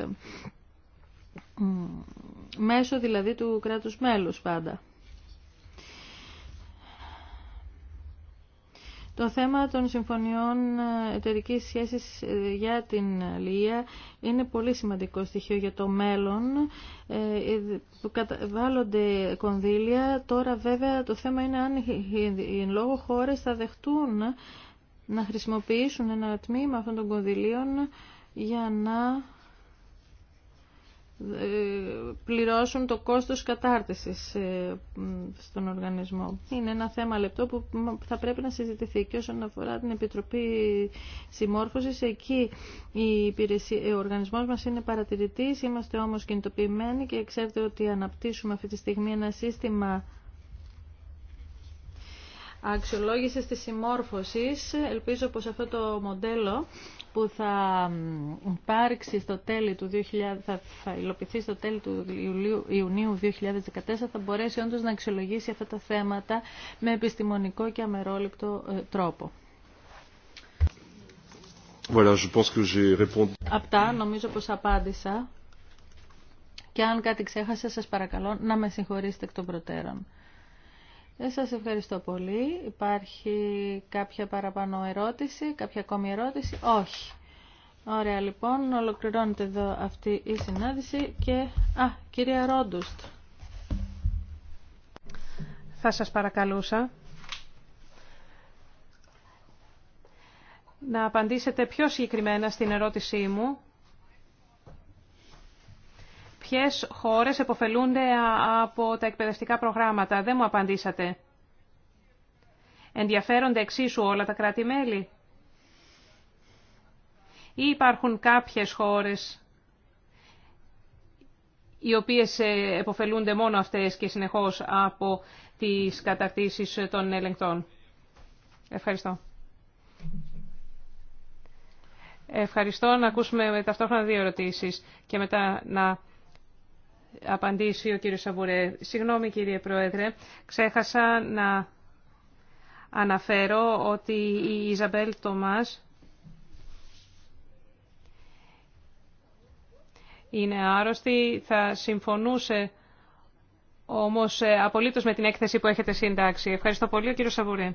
μέσω δηλαδή του κράτους μέλους πάντα. Το θέμα των συμφωνιών ε, εταιρικής σχέσης ε, για την Λία είναι πολύ σημαντικό στοιχείο για το μέλλον. Ε, Βάλλονται κονδύλια. Τώρα βέβαια το θέμα είναι αν οι εν λόγω χώρες θα δεχτούν να χρησιμοποιήσουν ένα τμήμα αυτών των κονδυλίων για να ε, πληρώσουν το κόστος κατάρτισης ε, στον οργανισμό. Είναι ένα θέμα λεπτό που θα πρέπει να συζητηθεί και όσον αφορά την Επιτροπή Συμμόρφωσης εκεί η υπηρεσία, ο οργανισμός μας είναι παρατηρητής, είμαστε όμως κινητοποιημένοι και ξέρετε ότι αναπτύσσουμε αυτή τη στιγμή ένα σύστημα αξιολόγησης της συμμόρφωσης. Ελπίζω πως αυτό το μοντέλο που θα υπάρξει στο τέλη του 2000, θα, θα υλοποιηθεί στο τέλη του Ιουλίου, Ιουνίου 2014 θα μπορέσει όντως να αξιολογήσει αυτά τα θέματα με επιστημονικό και αμερόληπτο ε, τρόπο. Voilà, je pense que répondu... Αυτά νομίζω πως απάντησα και αν κάτι ξέχασα σας παρακαλώ να με συγχωρήσετε εκ των προτέρων. Ε, σας ευχαριστώ πολύ. Υπάρχει κάποια παραπάνω ερώτηση, κάποια ακόμη ερώτηση. Όχι. Ωραία λοιπόν, ολοκληρώνεται εδώ αυτή η συνάντηση και... Α, κυρία Ρόντουστ. Θα σας παρακαλούσα να απαντήσετε πιο συγκεκριμένα στην ερώτησή μου Ποιες χώρες εποφελούνται από τα εκπαιδευτικά προγράμματα. Δεν μου απαντήσατε. Ενδιαφέρονται εξίσου όλα τα κράτη-μέλη. Ή υπάρχουν κάποιες χώρες οι οποίες εποφελούνται μόνο αυτές και συνεχώς από τις καταρτήσεις των ελεγκτών. Ευχαριστώ. Ευχαριστώ να ακούσουμε ταυτόχρονα δύο ερωτήσεις και μετά να απαντήσει ο κύριος Σαβουρέ. Συγγνώμη κύριε Πρόεδρε, ξέχασα να αναφέρω ότι η Ιζαμπέλ Τομάς είναι άρρωστη, θα συμφωνούσε όμως ε, απολύτως με την έκθεση που έχετε συντάξει. Ευχαριστώ πολύ, κύριο Σαβουρέ.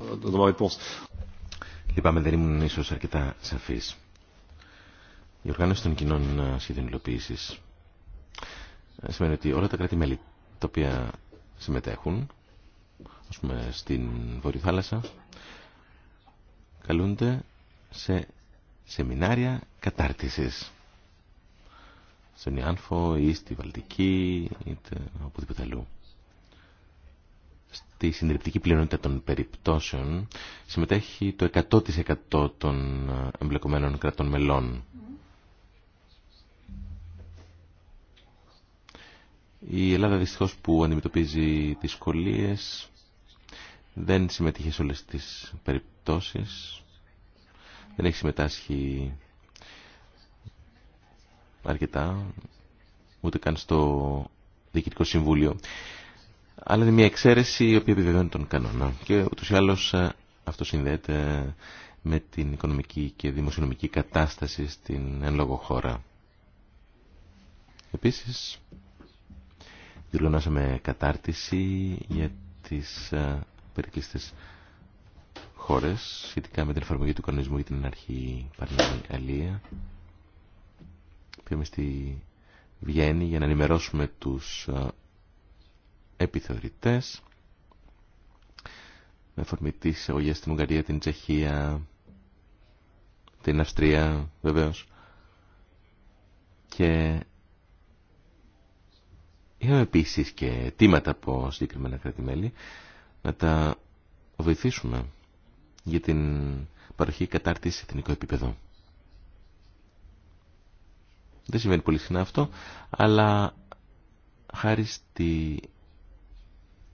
Λυπάμαι, δεν ήμουν ίσως αρκετά σαφής. Η οργάνωση των κοινών ε, σχεδίων σημαίνει ότι όλα τα κράτη-μέλη τα οποία συμμετέχουν, ας πούμε στην Βορειοθάλασσα, καλούνται σε σεμινάρια κατάρτισης. Στον Ιάνφο ή στη Βαλτική ή οπουδήποτε αλλού. Στη συντριπτική πλειονότητα των περιπτώσεων συμμετέχει το 100% των εμπλεκομένων κρατών μελών. Η Ελλάδα δυστυχώς που αντιμετωπίζει δυσκολίες δεν συμμετείχε σε όλες τις περιπτώσεις. Δεν έχει συμμετάσχει αρκετά, ούτε καν στο Διοικητικό Συμβούλιο. Αλλά είναι μια εξαίρεση η οποία επιβεβαιώνει τον κανόνα. Και ούτως ή άλλως ε, αυτό συνδέεται με την οικονομική και δημοσιονομική κατάσταση στην εν λόγω χώρα. Επίσης, δηλώνασαμε κατάρτιση για τις ε, περικλειστές χώρες σχετικά με την εφαρμογή του κανονισμού για την Αρχή Παρνάμι Αλία. Πήγαμε στη Βιέννη για να ενημερώσουμε τους ε, επιθεωρητές με αφορμή τη στην Ουγγαρία, την Τσεχία, την Αυστρία βεβαίως και Είχαμε επίση και αιτήματα από συγκεκριμένα κράτη-μέλη να τα βοηθήσουμε για την παροχή κατάρτιση σε εθνικό επίπεδο. Δεν συμβαίνει πολύ συχνά αυτό, αλλά χάρη στη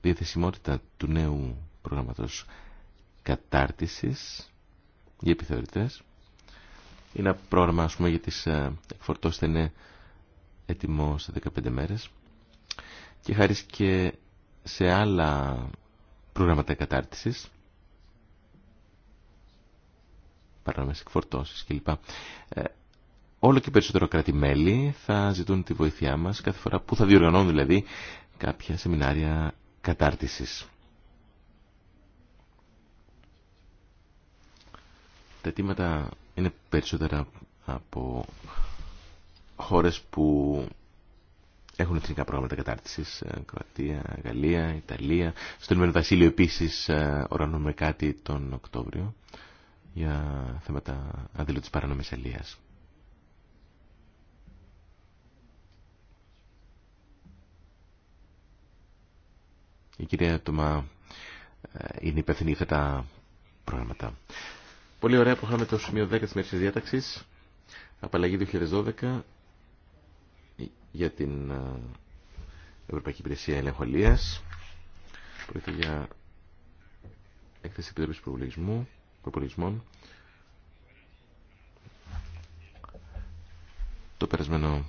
διαθεσιμότητα του νέου προγράμματος κατάρτισης για επιθεωρητές, είναι ένα πρόγραμμα για τις ε, εκφορτώσεις είναι έτοιμο σε 15 μέρες και χάρη και σε άλλα προγράμματα κατάρτισης παράνομες εκφορτώσεις κλπ. Ε, όλο και περισσότερο κράτη-μέλη θα ζητούν τη βοήθειά μας κάθε φορά που θα διοργανώνουν δηλαδή κάποια σεμινάρια κατάρτισης. Τα αιτήματα είναι περισσότερα από χώρες που έχουν εθνικά προγράμματα κατάρτιση. Ε, Κροατία, Γαλλία, Ιταλία. Στον Ηνωμένο Βασίλειο επίση ε, οργανώνουμε κάτι τον Οκτώβριο για θέματα αντίλου τη παρανομή Η κυρία Τωμά ε, είναι υπεύθυνη για αυτά τα προγράμματα. Πολύ ωραία, είχαμε το σημείο 10 της μέρη της διάταξης. Απαλλαγή 2012, για την ε, Ευρωπαϊκή Υπηρεσία Ελεγχολίας. Πρόκειται για έκθεση επιτροπής προπολογισμού, Το περασμένο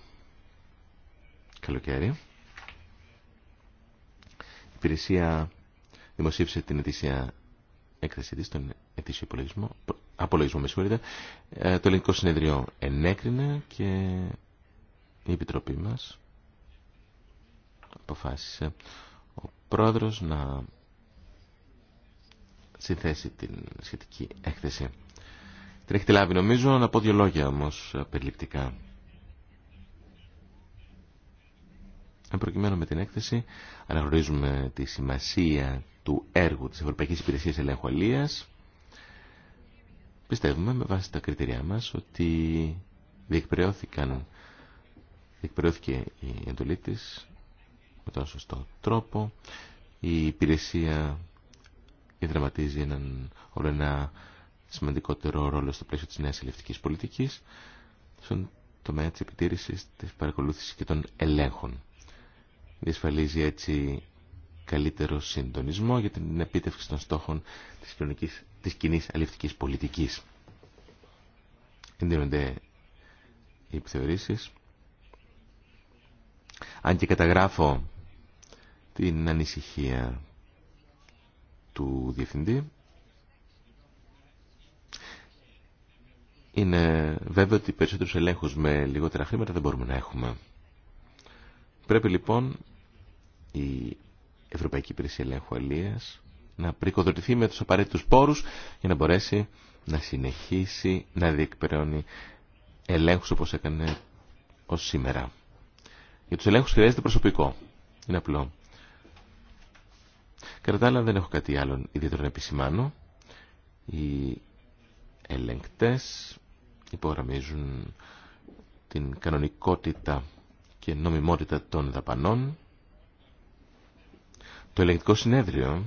καλοκαίρι η υπηρεσία δημοσίευσε την ετήσια έκθεση της, τον ετήσιο απολογισμό, με ε, Το ελληνικό συνεδριό ενέκρινε και η Επιτροπή μας αποφάσισε ο πρόεδρος να συνθέσει την σχετική έκθεση. Την έχετε λάβει νομίζω να πω δύο λόγια όμως περιληπτικά. Εν με την έκθεση αναγνωρίζουμε τη σημασία του έργου της Ευρωπαϊκής Υπηρεσίας Ελέγχου Πιστεύουμε με βάση τα κριτηριά μας ότι διεκπαιρεώθηκαν εκπαιδεύτηκε η εντολή τη με τον σωστό τρόπο. Η υπηρεσία δραματίζει έναν όλο ένα σημαντικότερο ρόλο στο πλαίσιο της νέας ελευτικής πολιτικής στον τομέα της επιτήρησης, της παρακολούθησης και των ελέγχων. Διασφαλίζει έτσι καλύτερο συντονισμό για την επίτευξη των στόχων της, κοινωνικής, της κοινής αλληλευτικής πολιτικής. Εντείνονται οι επιθεωρήσεις αν και καταγράφω την ανησυχία του Διευθυντή, είναι βέβαιο ότι περισσότερους ελέγχους με λιγότερα χρήματα δεν μπορούμε να έχουμε. Πρέπει λοιπόν η Ευρωπαϊκή Υπηρεσία Ελέγχου Αλίας να πρικοδοτηθεί με τους απαραίτητους πόρους για να μπορέσει να συνεχίσει να διεκπαιρεώνει ελέγχους όπως έκανε ως σήμερα. Για του ελέγχου χρειάζεται προσωπικό. Είναι απλό. Κατά τα άλλα δεν έχω κάτι άλλο ιδιαίτερο να επισημάνω. Οι ελεγκτέ υπογραμμίζουν την κανονικότητα και νομιμότητα των δαπανών. Το ελεγκτικό συνέδριο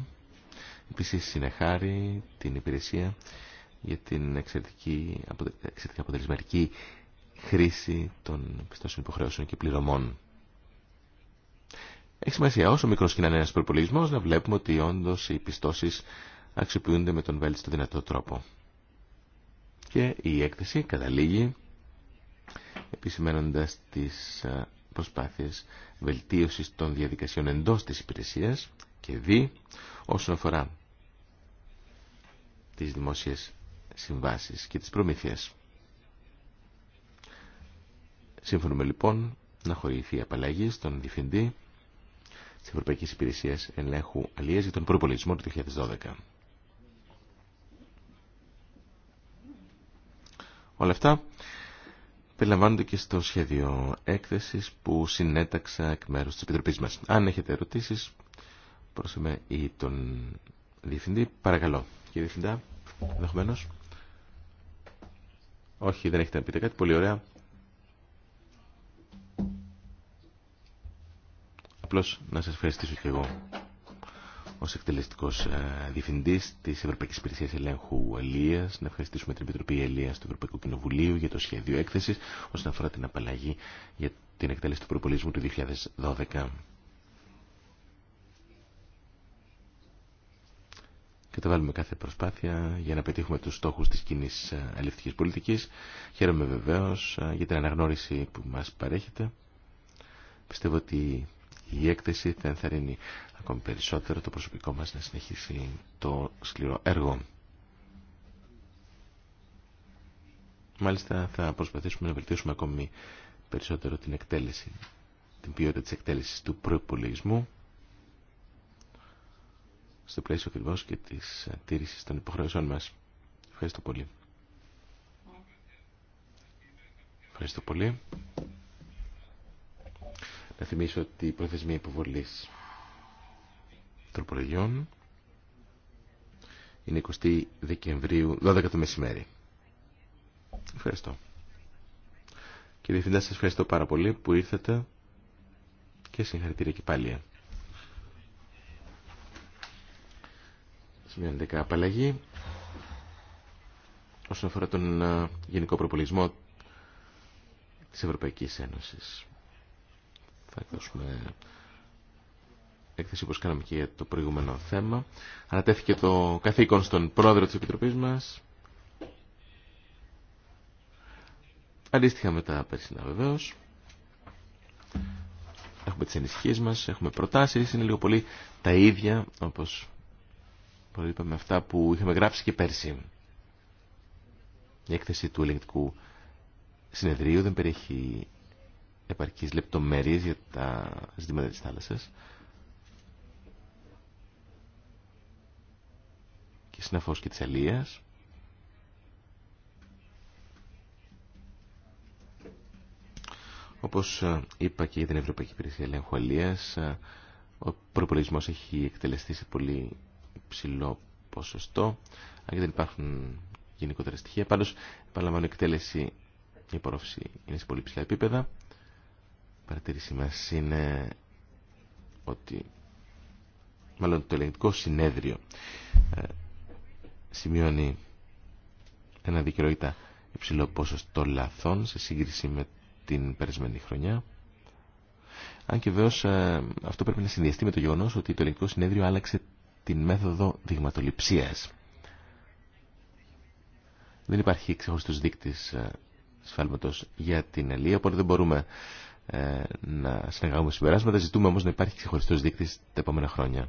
επίση συνεχάρει την υπηρεσία για την εξαιρετική, εξαιρετικά αποτελεσματική χρήση των πιστώσεων υποχρεώσεων και πληρωμών. Έχει σημασία όσο μικρό και να είναι ένα προπολογισμό να βλέπουμε ότι όντω οι πιστώσει αξιοποιούνται με τον βέλτιστο δυνατό τρόπο. Και η έκθεση καταλήγει επισημένοντα τις προσπάθειε βελτίωση των διαδικασιών εντό τη υπηρεσίας και δι όσον αφορά τι δημόσιε συμβάσει και τις προμήθειες. με λοιπόν να χορηγηθεί η απαλλαγή στον διευθυντή Τη Ευρωπαϊκή Υπηρεσία Ελέγχου Αλλιές για τον προπολογισμό του 2012. Όλα αυτά περιλαμβάνονται και στο σχέδιο έκθεσης που συνέταξα εκ μέρους της Επιτροπής μας. Αν έχετε ερωτήσεις προς ή τον Διευθυντή, παρακαλώ. Κύριε Διευθυντά, ενδεχομένω. Όχι, δεν έχετε να πείτε κάτι. Πολύ ωραία. Απλώς να σα ευχαριστήσω και εγώ ως εκτελεστικός ε, διευθύντη τη Ευρωπαϊκή Υπηρεσίας Ελέγχου Ελίας, να ευχαριστήσουμε την Επιτροπή Ελίας του Ευρωπαϊκού Κοινοβουλίου για το σχέδιο έκθεσης όσον αφορά την απαλλαγή για την εκτέλεση του προπολισμού του 2012. Καταβάλουμε κάθε προσπάθεια για να πετύχουμε τους στόχους της κοινή ε, αλληλευτικής πολιτικής. Χαίρομαι βεβαίως ε, για την αναγνώριση που μας παρέχεται. Πιστεύω ότι η έκθεση θα ενθαρρύνει ακόμη περισσότερο το προσωπικό μας να συνεχίσει το σκληρό έργο. Μάλιστα θα προσπαθήσουμε να βελτιώσουμε ακόμη περισσότερο την εκτέλεση, την ποιότητα της εκτέλεσης του προϋπολογισμού στο πλαίσιο ακριβώ και της τήρησης των υποχρεώσεων μας. Ευχαριστώ πολύ. Ευχαριστώ πολύ. Να θυμίσω ότι η προθεσμία υποβολή τροπολογιών είναι 20 Δεκεμβρίου, 12 το μεσημέρι. Ευχαριστώ. Κύριε Διευθυντά, σα ευχαριστώ πάρα πολύ που ήρθατε και συγχαρητήρια και πάλι. Σημείο 11. Απαλλαγή. Όσον αφορά τον γενικό προπολισμό της Ευρωπαϊκής Ένωσης θα εκδώσουμε έκθεση όπως κάναμε και για το προηγούμενο θέμα. Ανατέθηκε το καθήκον στον πρόεδρο της Επιτροπής μας. Αντίστοιχα με τα περσινά βεβαίω. Έχουμε τις ενισχύες μας, έχουμε προτάσεις, είναι λίγο πολύ τα ίδια όπως είπαμε αυτά που είχαμε γράψει και πέρσι. Η έκθεση του ελεγκτικού συνεδρίου δεν περιέχει επαρκείς λεπτομέρειες για τα ζητήματα της θάλασσας. Και συναφώς και της αλίας. Όπως ε, είπα και για την Ευρωπαϊκή Υπηρεσία Ελέγχου Αλίας, ε, ο προπολογισμός έχει εκτελεστεί σε πολύ ψηλό ποσοστό, αν και δεν υπάρχουν γενικότερα στοιχεία. Πάντως, επαναλαμβάνω, η εκτέλεση, η υπορρόφηση είναι σε πολύ ψηλά επίπεδα παρατήρησή μα είναι ότι μάλλον το ελεγκτικό συνέδριο ε, σημειώνει ένα δικαιολογητά υψηλό ποσοστό λαθών σε σύγκριση με την περισμένη χρονιά. Αν και βέβαια ε, αυτό πρέπει να συνδυαστεί με το γεγονός ότι το ελληνικό συνέδριο άλλαξε την μέθοδο δειγματοληψίας. Δεν υπάρχει ξεχωριστός δείκτης ε, σφάλματος για την Ελία, οπότε δεν μπορούμε ε, να συνεργάζουμε συμπεράσματα. Ζητούμε όμως να υπάρχει ξεχωριστό δείκτη τα επόμενα χρόνια.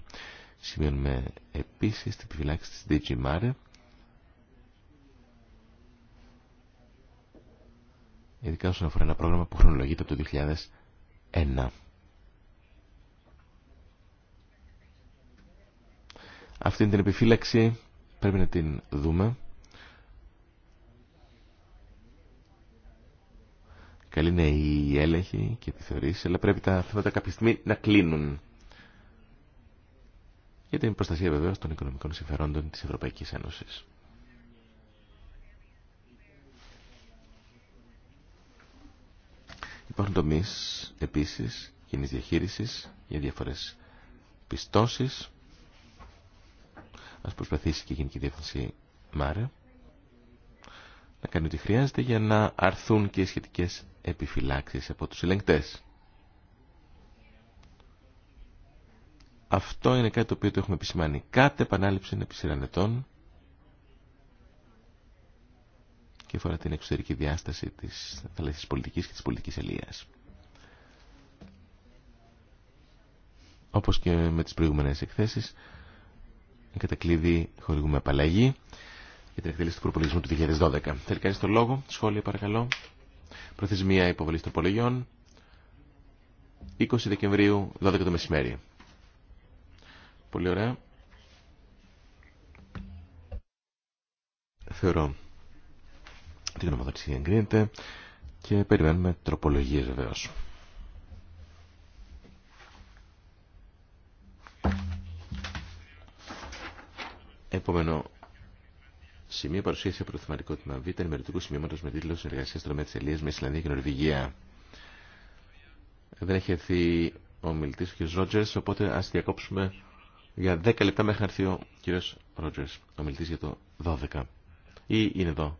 Σημειώνουμε επίσης την επιφυλάξη της DG Mare. Ειδικά όσον αφορά ένα πρόγραμμα που χρονολογείται από το 2001. Αυτή την επιφύλαξη πρέπει να την δούμε. Καλή είναι η έλεγχη και τη θεωρήση, αλλά πρέπει τα θέματα κάποια στιγμή να κλείνουν. Για την προστασία βεβαίω των οικονομικών συμφερόντων της Ευρωπαϊκής Ένωσης. Υπάρχουν τομεί επίσης κοινή διαχείριση για διαφορέ πιστώσεις. Ας προσπαθήσει και η Γενική Διεύθυνση Μάρε να κάνει ό,τι χρειάζεται για να αρθούν και οι σχετικές επιφυλάξεις από τους ελεγκτές. Αυτό είναι κάτι το οποίο το έχουμε επισημάνει. Κάθε επανάληψη είναι επί ετών και αφορά την εξωτερική διάσταση της θαλασσίας πολιτικής και της πολιτικής ελίας. Όπως και με τις προηγούμενες εκθέσεις, κατά κλειδί χορηγούμε απαλλαγή για την εκτέλεση του προπολογισμού του 2012. Θέλει κανεί το λόγο. Σχόλια παρακαλώ. Προθεσμία υποβολή τροπολογιών. 20 Δεκεμβρίου, 12 το μεσημέρι. Πολύ ωραία. Θεωρώ η γνωμοδότηση εγκρίνεται και περιμένουμε τροπολογίες βεβαίω. Επόμενο σημείο παρουσίασε θεματικό τμήμα Β ενημερωτικού σημείωματο με τίτλο Συνεργασία Τρομέα τη Ελία με Ισλανδία και Νορβηγία. Δεν έχει έρθει ο μιλητή ο κ. Ρότζερ, οπότε α διακόψουμε για 10 λεπτά μέχρι να έρθει ο κ. Ρότζερ, ο μιλητή για το 12. Ή είναι εδώ.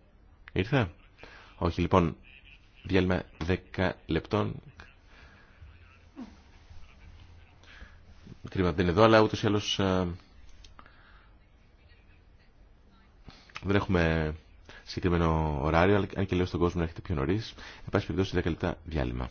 Ήρθε. Όχι, λοιπόν, διάλειμμα 10 λεπτών. Κρίμα δεν είναι εδώ, αλλά ούτω ή άλλω ε, Δεν έχουμε συγκεκριμένο ωράριο, αλλά αν και λέω στον κόσμο να έχετε πιο νωρί. Εν πάση περιπτώσει, 10 λεπτά διάλειμμα.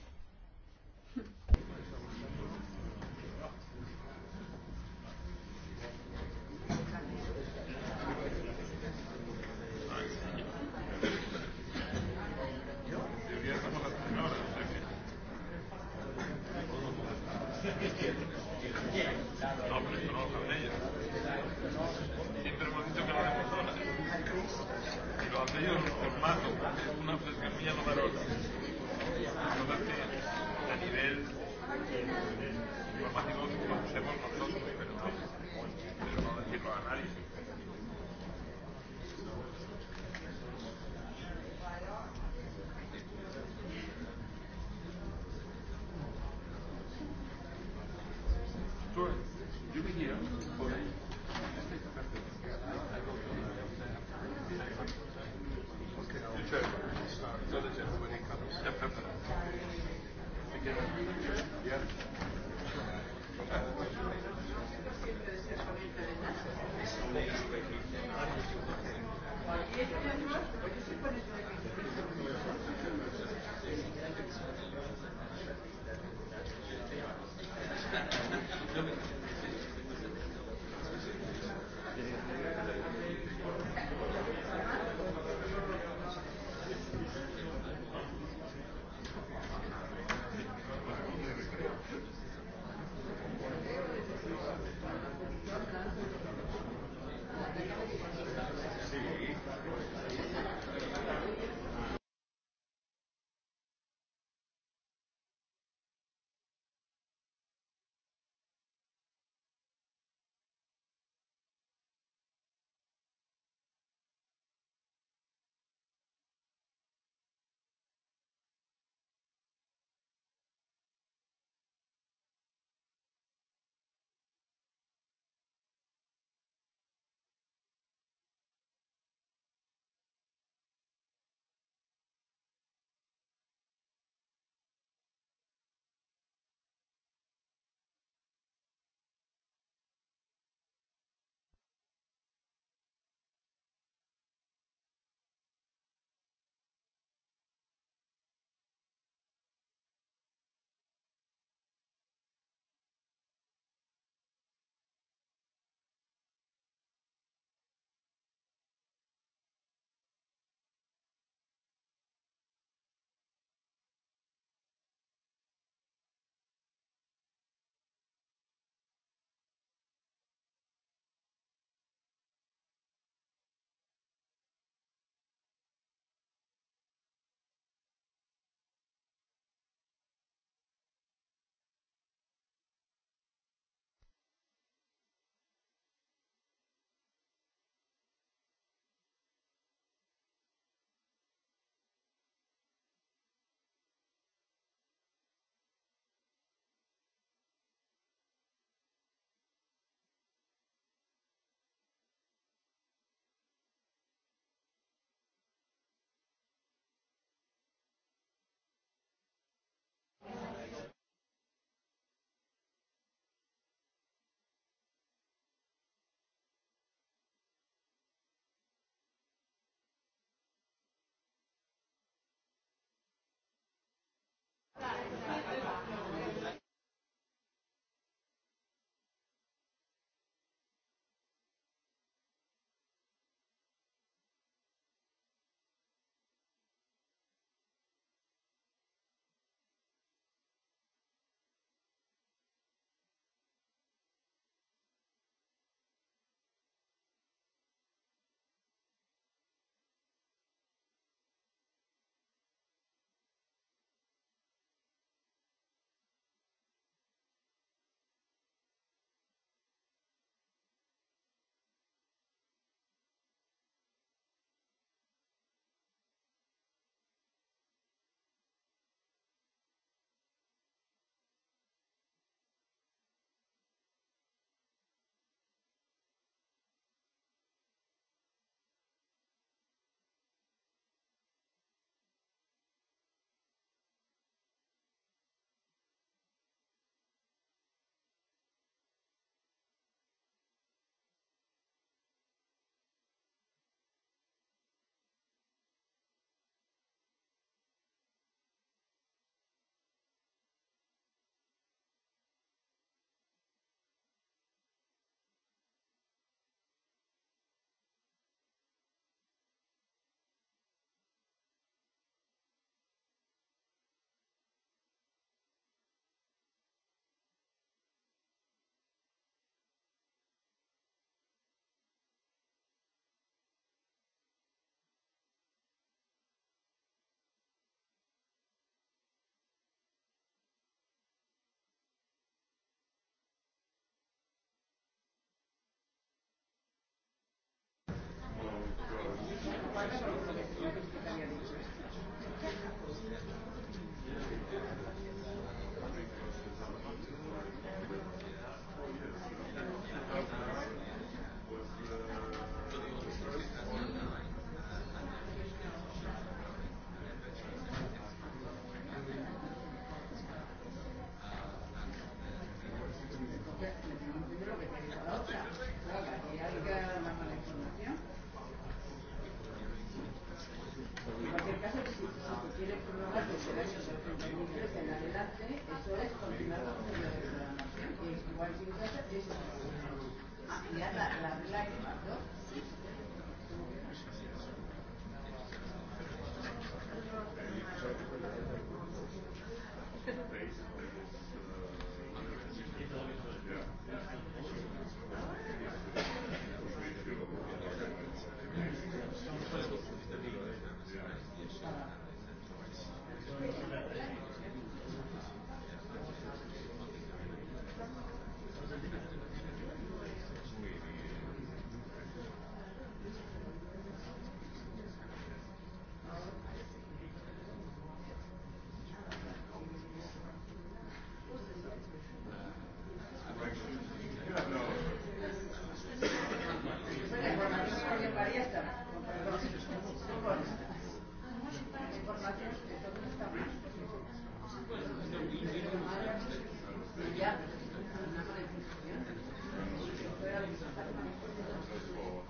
δεν θα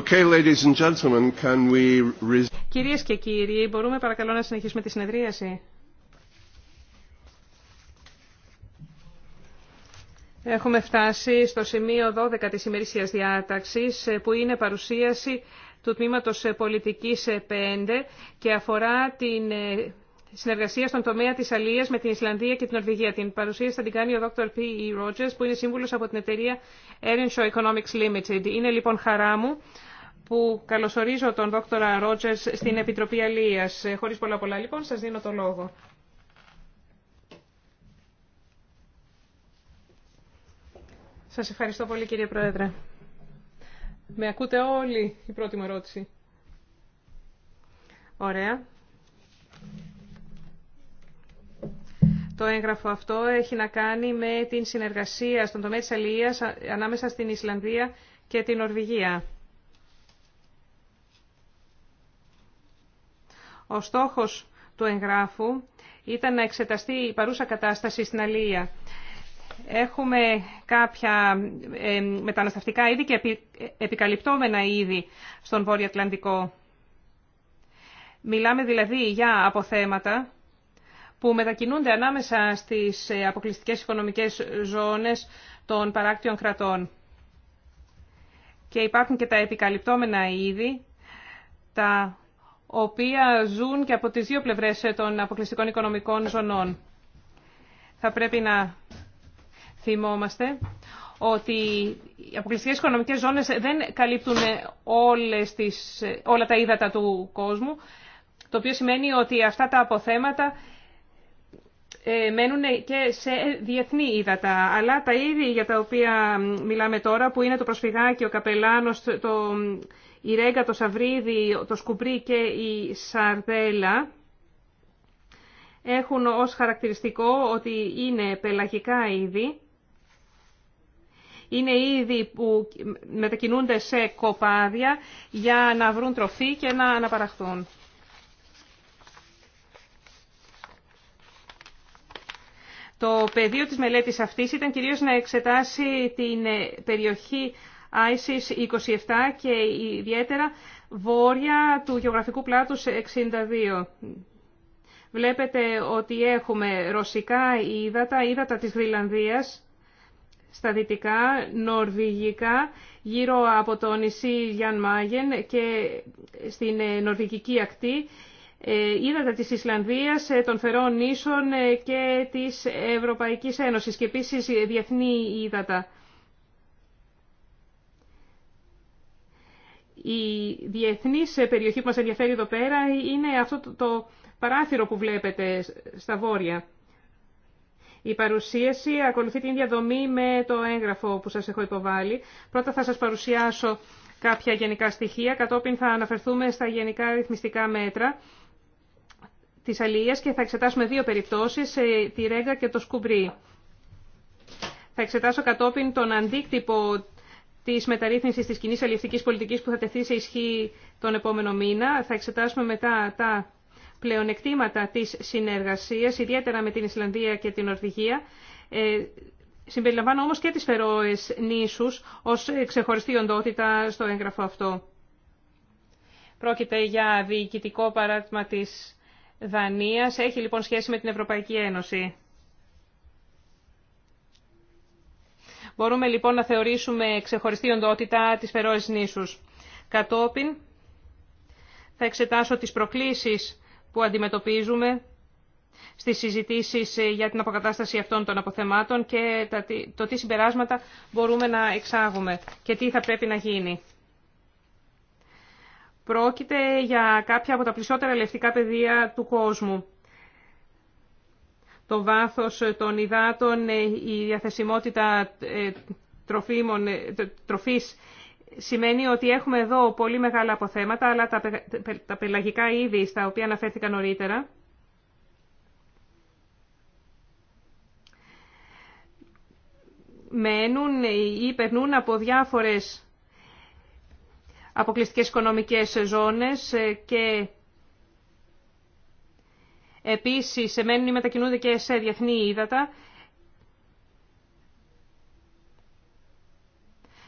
Okay, ladies and gentlemen, can we... Κυρίες και κύριοι, μπορούμε παρακαλώ να συνεχίσουμε τη συνεδρίαση. Έχουμε φτάσει στο σημείο 12 της ημερήσιας διάταξης, που είναι παρουσίαση του Τμήματος Πολιτικής 5 και αφορά την ε, συνεργασία στον τομέα της αλίας με την Ισλανδία και την Ορβηγία. Την παρουσίαση θα την κάνει ο Dr. P. E. Rogers, που είναι σύμβουλος από την εταιρεία Erinshaw Economics Limited. Είναι λοιπόν χαρά μου που καλωσορίζω τον δόκτωρα Ρότζερς στην Επιτροπή Αλίας. Ε, χωρίς πολλά πολλά λοιπόν, σας δίνω το λόγο. Σας ευχαριστώ πολύ κύριε Πρόεδρε. Με ακούτε όλοι η πρώτη μου ερώτηση. Ωραία. Το έγγραφο αυτό έχει να κάνει με την συνεργασία στον τομέα της αλληλείας ανάμεσα στην Ισλανδία και την Ορβηγία. Ο στόχος του εγγράφου ήταν να εξεταστεί η παρούσα κατάσταση στην Αλία. Έχουμε κάποια ε, μεταναστευτικά είδη και επικαλυπτόμενα είδη στον Βόρειο Ατλαντικό. Μιλάμε δηλαδή για αποθέματα που μετακινούνται ανάμεσα στις ε, αποκλειστικές οικονομικές ζώνες των παράκτιων κρατών. Και υπάρχουν και τα επικαλυπτόμενα είδη, τα οποία ζουν και από τις δύο πλευρές των αποκλειστικών οικονομικών ζωνών. Θα πρέπει να θυμόμαστε ότι οι αποκλειστικές οικονομικές ζώνες δεν καλύπτουν όλες τις, όλα τα ύδατα του κόσμου, το οποίο σημαίνει ότι αυτά τα αποθέματα ε, μένουν και σε διεθνή ύδατα. Αλλά τα είδη για τα οποία μιλάμε τώρα, που είναι το προσφυγάκι, ο καπελάνος, το η Ρέγκα, το Σαβρίδι, το Σκουπρί και η Σαρδέλα έχουν ως χαρακτηριστικό ότι είναι πελαγικά είδη. Είναι είδη που μετακινούνται σε κοπάδια για να βρουν τροφή και να αναπαραχθούν. Το πεδίο της μελέτης αυτής ήταν κυρίως να εξετάσει την περιοχή ISIS 27 και ιδιαίτερα βόρεια του γεωγραφικού πλάτους 62. Βλέπετε ότι έχουμε ρωσικά ύδατα, ύδατα της Γρυλανδίας, στα δυτικά, νορβηγικά, γύρω από το νησί Γιάν Μάγεν και στην ε, νορβηγική ακτή, ε, ύδατα της Ισλανδίας, ε, των Φερών Νήσων και της Ευρωπαϊκής Ένωσης και επίσης διεθνή ύδατα. Η διεθνής περιοχή που μας ενδιαφέρει εδώ πέρα είναι αυτό το παράθυρο που βλέπετε στα βόρεια. Η παρουσίαση ακολουθεί την διαδομή με το έγγραφο που σας έχω υποβάλει. Πρώτα θα σας παρουσιάσω κάποια γενικά στοιχεία, κατόπιν θα αναφερθούμε στα γενικά ρυθμιστικά μέτρα της αλληλείας και θα εξετάσουμε δύο περιπτώσεις, ε, τη Ρέγκα και το Σκουμπρί. Θα εξετάσω κατόπιν τον αντίκτυπο τη μεταρρύθμισης τη κοινή αλληλευτική πολιτικής που θα τεθεί σε ισχύ τον επόμενο μήνα. Θα εξετάσουμε μετά τα πλεονεκτήματα της συνεργασίας, ιδιαίτερα με την Ισλανδία και την Ορβηγία. Ε, συμπεριλαμβάνω όμω και τι Φερόε νήσους ω ξεχωριστή οντότητα στο έγγραφο αυτό. Πρόκειται για διοικητικό παράδειγμα της Δανίας. Έχει λοιπόν σχέση με την Ευρωπαϊκή Ένωση. Μπορούμε λοιπόν να θεωρήσουμε ξεχωριστή οντότητα τις Φερόες νήσους. Κατόπιν θα εξετάσω τις προκλήσεις που αντιμετωπίζουμε στις συζητήσεις ε, για την αποκατάσταση αυτών των αποθεμάτων και το τι συμπεράσματα μπορούμε να εξάγουμε και τι θα πρέπει να γίνει. Πρόκειται για κάποια από τα πλησιότερα λευτικά πεδία του κόσμου το βάθος των υδάτων, ε, η διαθεσιμότητα ε, τροφίμων, ε, τροφής σημαίνει ότι έχουμε εδώ πολύ μεγάλα αποθέματα, αλλά τα πελαγικά είδη στα οποία αναφέρθηκα νωρίτερα, μένουν ή περνούν από διάφορες αποκλειστικές οικονομικές ζώνες και Επίσης, μένουν ή μετακινούνται και σε διεθνή ύδατα.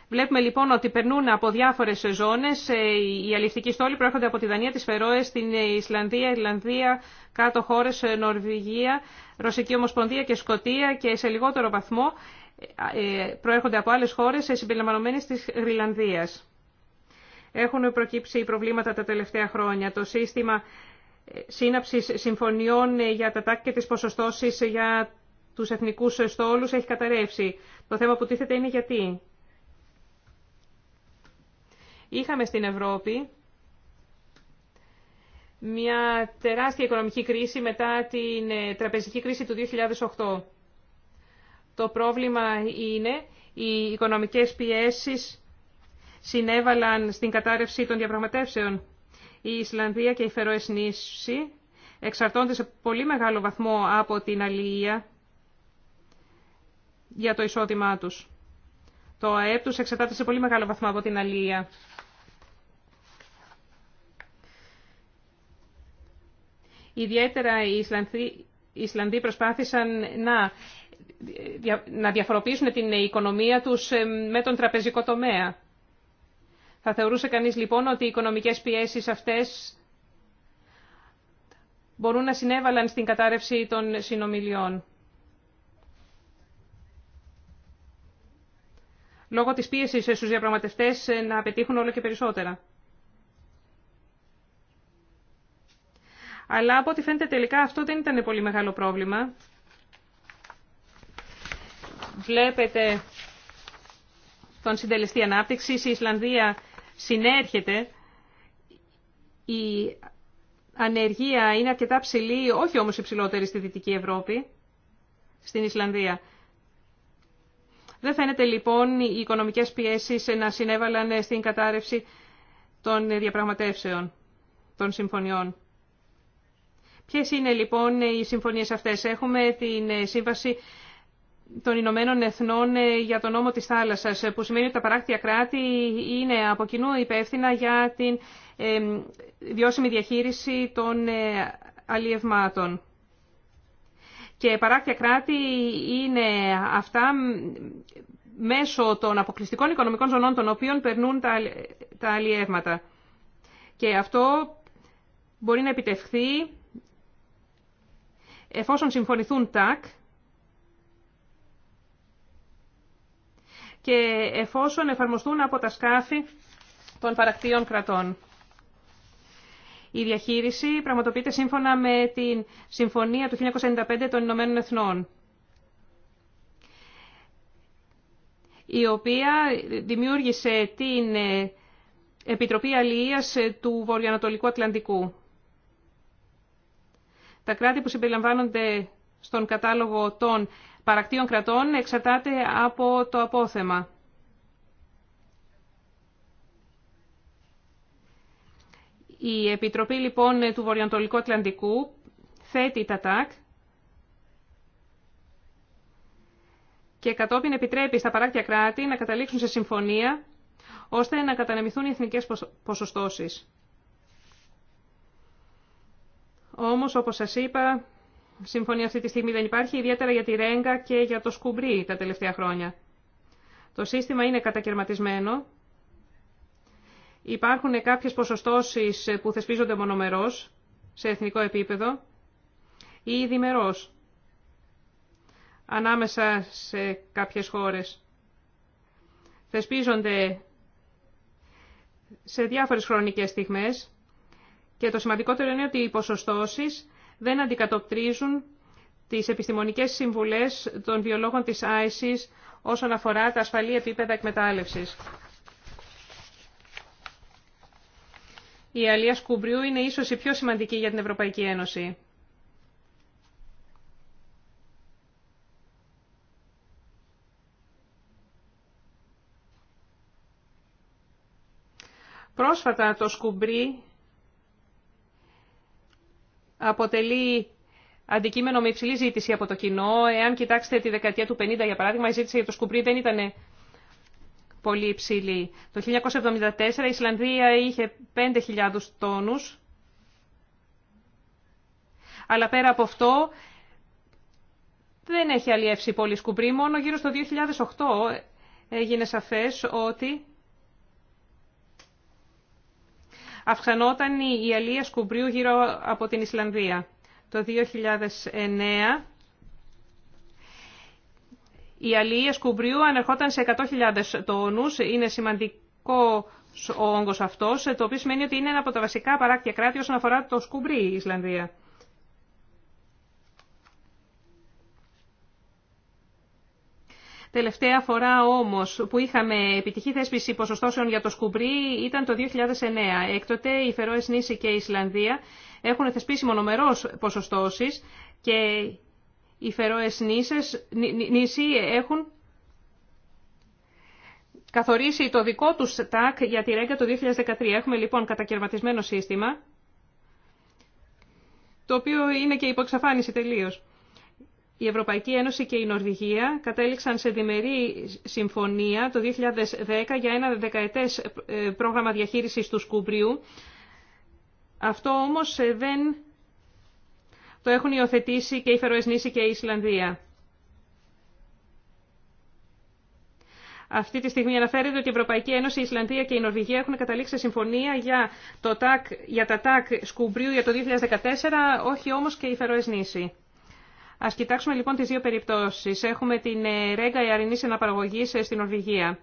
Βλέπουμε λοιπόν ότι περνούν από διάφορε ζώνε. Ε, οι αληθικοί στόλοι προέρχονται από τη Δανία, τι Φερόε, την Ισλανδία, Ιρλανδία, κάτω χώρε, ε, Νορβηγία, Ρωσική Ομοσπονδία και Σκοτία και σε λιγότερο βαθμό ε, προέρχονται από άλλε χώρε συμπεριλαμβανομένε τη Γρυλανδία. Έχουν προκύψει προβλήματα τα τελευταία χρόνια. Το σύστημα Σύναψη συμφωνιών για τα τάκ και τις ποσοστώσεις για τους εθνικούς στόλου έχει καταρρεύσει. Το θέμα που τίθεται είναι γιατί. Είχαμε στην Ευρώπη μια τεράστια οικονομική κρίση μετά την ε, τραπεζική κρίση του 2008. Το πρόβλημα είναι οι οικονομικές πιέσεις συνέβαλαν στην κατάρρευση των διαπραγματεύσεων. Η Ισλανδία και η Φερόες εξαρτώνται σε πολύ μεγάλο βαθμό από την αλληλεία για το εισόδημά τους. Το ΑΕΠ τους εξαρτάται σε πολύ μεγάλο βαθμό από την αλληλεία. Ιδιαίτερα οι Ισλανδοί, προσπάθησαν να, να διαφοροποιήσουν την οικονομία τους με τον τραπεζικό τομέα. Θα θεωρούσε κανείς λοιπόν ότι οι οικονομικές πιέσεις αυτές μπορούν να συνέβαλαν στην κατάρρευση των συνομιλιών. Λόγω της πίεσης στους διαπραγματευτές να πετύχουν όλο και περισσότερα. Αλλά από ό,τι φαίνεται τελικά αυτό δεν ήταν πολύ μεγάλο πρόβλημα. Βλέπετε τον συντελεστή ανάπτυξη. Η Ισλανδία συνέρχεται. Η ανεργία είναι αρκετά ψηλή, όχι όμως υψηλότερη στη Δυτική Ευρώπη, στην Ισλανδία. Δεν φαίνεται λοιπόν οι οικονομικές πιέσεις να συνέβαλαν στην κατάρρευση των διαπραγματεύσεων, των συμφωνιών. Ποιες είναι λοιπόν οι συμφωνίες αυτές. Έχουμε την σύμβαση των Ηνωμένων Εθνών ε, για τον νόμο της θάλασσας, ε, που σημαίνει ότι τα παράκτια κράτη είναι από κοινού υπεύθυνα για την ε, βιώσιμη διαχείριση των αλλιευμάτων. Και παράκτια κράτη είναι αυτά μέσω των αποκλειστικών οικονομικών ζωνών των οποίων περνούν τα αλλιεύματα. Και αυτό μπορεί να επιτευχθεί εφόσον συμφωνηθούν τάκ, και εφόσον εφαρμοστούν από τα σκάφη των παρακτήων κρατών. Η διαχείριση πραγματοποιείται σύμφωνα με την Συμφωνία του 1995 των Ηνωμένων Εθνών, η οποία δημιούργησε την ε, Επιτροπή Αλληλείας του Βορειοανατολικού Ατλαντικού. Τα κράτη που συμπεριλαμβάνονται στον κατάλογο των παρακτήων κρατών εξαρτάται από το απόθεμα. Η Επιτροπή λοιπόν του Βορειοανατολικού Ατλαντικού θέτει τα ΤΑΚ και κατόπιν επιτρέπει στα παράκτια κράτη να καταλήξουν σε συμφωνία ώστε να κατανεμηθούν οι εθνικές ποσοστώσεις. Όμως, όπως σας είπα, συμφωνία αυτή τη στιγμή δεν υπάρχει, ιδιαίτερα για τη Ρέγκα και για το Σκουμπρί τα τελευταία χρόνια. Το σύστημα είναι κατακαιρματισμένο. Υπάρχουν κάποιες ποσοστώσεις που θεσπίζονται μονομερός σε εθνικό επίπεδο ή διμερός ανάμεσα σε κάποιες χώρες. Θεσπίζονται σε διάφορες χρονικές στιγμές και το σημαντικότερο είναι ότι οι ποσοστώσεις δεν αντικατοπτρίζουν τις επιστημονικές συμβουλές των βιολόγων της ISIS όσον αφορά τα ασφαλή επίπεδα εκμετάλλευσης. Η αλία σκουμπριού είναι ίσως η πιο σημαντική για την Ευρωπαϊκή Ένωση. Πρόσφατα το σκουμπρί αποτελεί αντικείμενο με υψηλή ζήτηση από το κοινό. Εάν κοιτάξετε τη δεκαετία του 50, για παράδειγμα, η ζήτηση για το σκουπρί δεν ήταν πολύ υψηλή. Το 1974 η Ισλανδία είχε 5.000 τόνους, αλλά πέρα από αυτό δεν έχει αλλιεύσει πολύ σκουπρί. Μόνο γύρω στο 2008 έγινε σαφές ότι αυξανόταν η αλία σκουμπρίου γύρω από την Ισλανδία. Το 2009 η αλία σκουμπρίου ανερχόταν σε 100.000 τόνους. Είναι σημαντικό ο όγκος αυτός, το οποίο σημαίνει ότι είναι ένα από τα βασικά παράκτια κράτη όσον αφορά το σκουμπρί η Ισλανδία. Τελευταία φορά όμως που είχαμε επιτυχή θέσπιση ποσοστώσεων για το σκουμπρί ήταν το 2009. Έκτοτε οι Φερόες Νήσι και η Ισλανδία έχουν θεσπίσει μονομερό ποσοστώσει και οι Φερόες Νήσι έχουν καθορίσει το δικό τους τάκ για τη ρέγκα το 2013. Έχουμε λοιπόν κατακαιρματισμένο σύστημα, το οποίο είναι και υποξαφάνιση τελείως η Ευρωπαϊκή Ένωση και η Νορβηγία κατέληξαν σε διμερή συμφωνία το 2010 για ένα δεκαετές ε, πρόγραμμα διαχείρισης του Σκουμπριού. Αυτό όμως ε, δεν το έχουν υιοθετήσει και η Φεροεσνήση και η Ισλανδία. Αυτή τη στιγμή αναφέρεται ότι η Ευρωπαϊκή Ένωση, η Ισλανδία και η Νορβηγία έχουν καταλήξει σε συμφωνία για, το για τα ΤΑΚ Σκουμπρίου για το 2014, όχι όμως και η Φεροεσνήση. Α κοιτάξουμε λοιπόν τις δύο περιπτώσεις. Έχουμε την ε, ρέγγα ιαρινής αναπαραγωγή ε, στην Νορβηγία.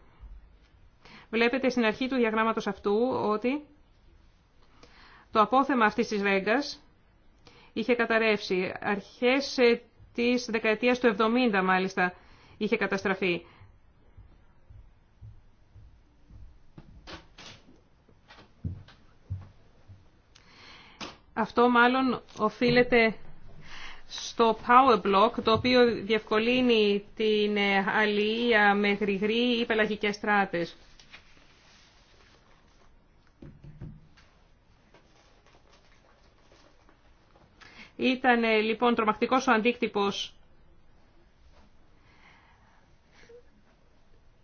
Βλέπετε στην αρχή του διαγράμματο αυτού ότι το απόθεμα αυτής της ρέγγα είχε καταρρεύσει. Αρχές ε, της δεκαετίας του 70 μάλιστα είχε καταστραφεί. Αυτό μάλλον οφείλεται στο Power Block, το οποίο διευκολύνει την ε, αλληλεία με γρηγρή ή πελαγικές στράτες. Ήταν ε, λοιπόν τρομακτικός ο αντίκτυπος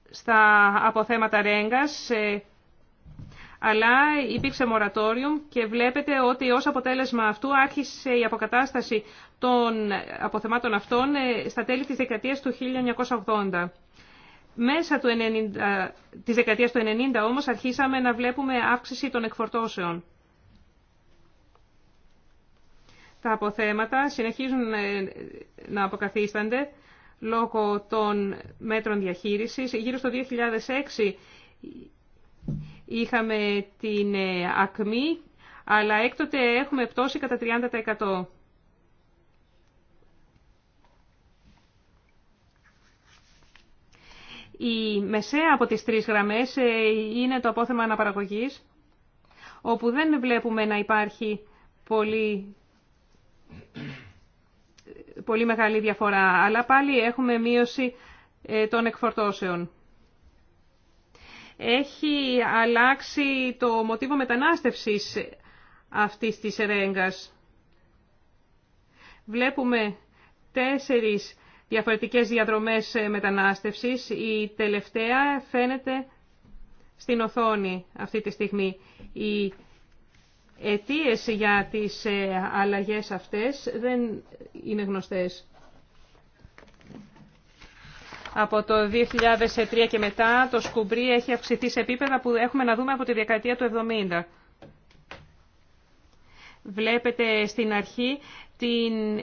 στα αποθέματα ρέγγας... Ε, αλλά υπήρξε μορατόριουμ και βλέπετε ότι ως αποτέλεσμα αυτού άρχισε η αποκατάσταση των αποθεμάτων αυτών ε, στα τέλη της δεκαετίας του 1980. Μέσα του 90, της δεκαετίας του 90 όμως αρχίσαμε να βλέπουμε αύξηση των εκφορτώσεων. Τα αποθέματα συνεχίζουν ε, να αποκαθίστανται λόγω των μέτρων διαχείρισης. Γύρω στο 2006 είχαμε την ε, ακμή, αλλά έκτοτε έχουμε πτώσει κατά 30%. Η μεσαία από τις τρεις γραμμές ε, είναι το απόθεμα αναπαραγωγής, όπου δεν βλέπουμε να υπάρχει πολύ, πολύ μεγάλη διαφορά, αλλά πάλι έχουμε μείωση ε, των εκφορτώσεων έχει αλλάξει το μοτίβο μετανάστευσης αυτής της ρέγγας. Βλέπουμε τέσσερις διαφορετικές διαδρομές μετανάστευσης. Η τελευταία φαίνεται στην οθόνη αυτή τη στιγμή. Οι αιτίες για τις ε, αλλαγές αυτές δεν είναι γνωστές. Από το 2003 και μετά το σκουμπρί έχει αυξηθεί σε επίπεδα που έχουμε να δούμε από τη δεκαετία του 70. Βλέπετε στην αρχή την...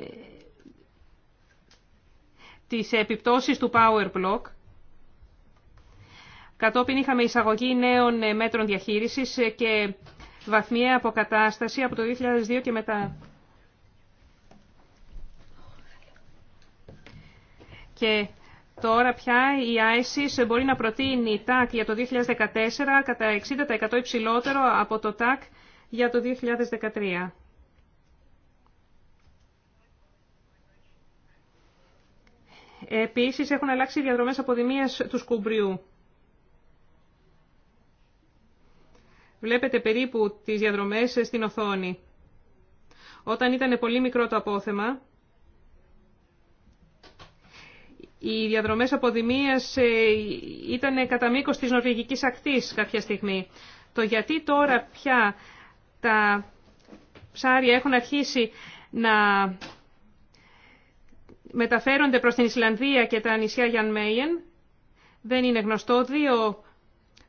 τις επιπτώσεις του power block. Κατόπιν είχαμε εισαγωγή νέων μέτρων διαχείρισης και βαθμία αποκατάσταση από το 2002 και μετά. Και Τώρα πια η ISIS μπορεί να προτείνει τάκ για το 2014 κατά 60% υψηλότερο από το τάκ για το 2013. Επίσης έχουν αλλάξει οι διαδρομές αποδημίας του σκουμπριού. Βλέπετε περίπου τις διαδρομές στην οθόνη. Όταν ήταν πολύ μικρό το απόθεμα, Οι διαδρομές αποδημίας ε, ήταν κατά μήκος της νορβηγικής ακτής κάποια στιγμή. Το γιατί τώρα πια τα ψάρια έχουν αρχίσει να μεταφέρονται προς την Ισλανδία και τα νησιά Γιάν Μέιεν δεν είναι γνωστό. Δύο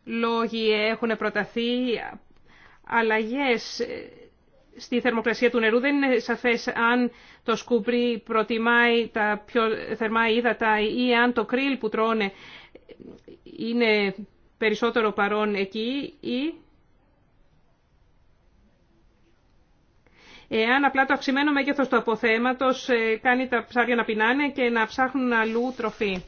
λόγοι έχουν προταθεί. Αλλαγές ε, στη θερμοκρασία του νερού. Δεν είναι σαφές αν το σκούπρι προτιμάει τα πιο θερμά ύδατα ή αν το κρύλ που τρώνε είναι περισσότερο παρόν εκεί ή εάν απλά το αυξημένο μέγεθος του αποθέματος ε, κάνει τα ψάρια να πεινάνε και να ψάχνουν αλλού τροφή.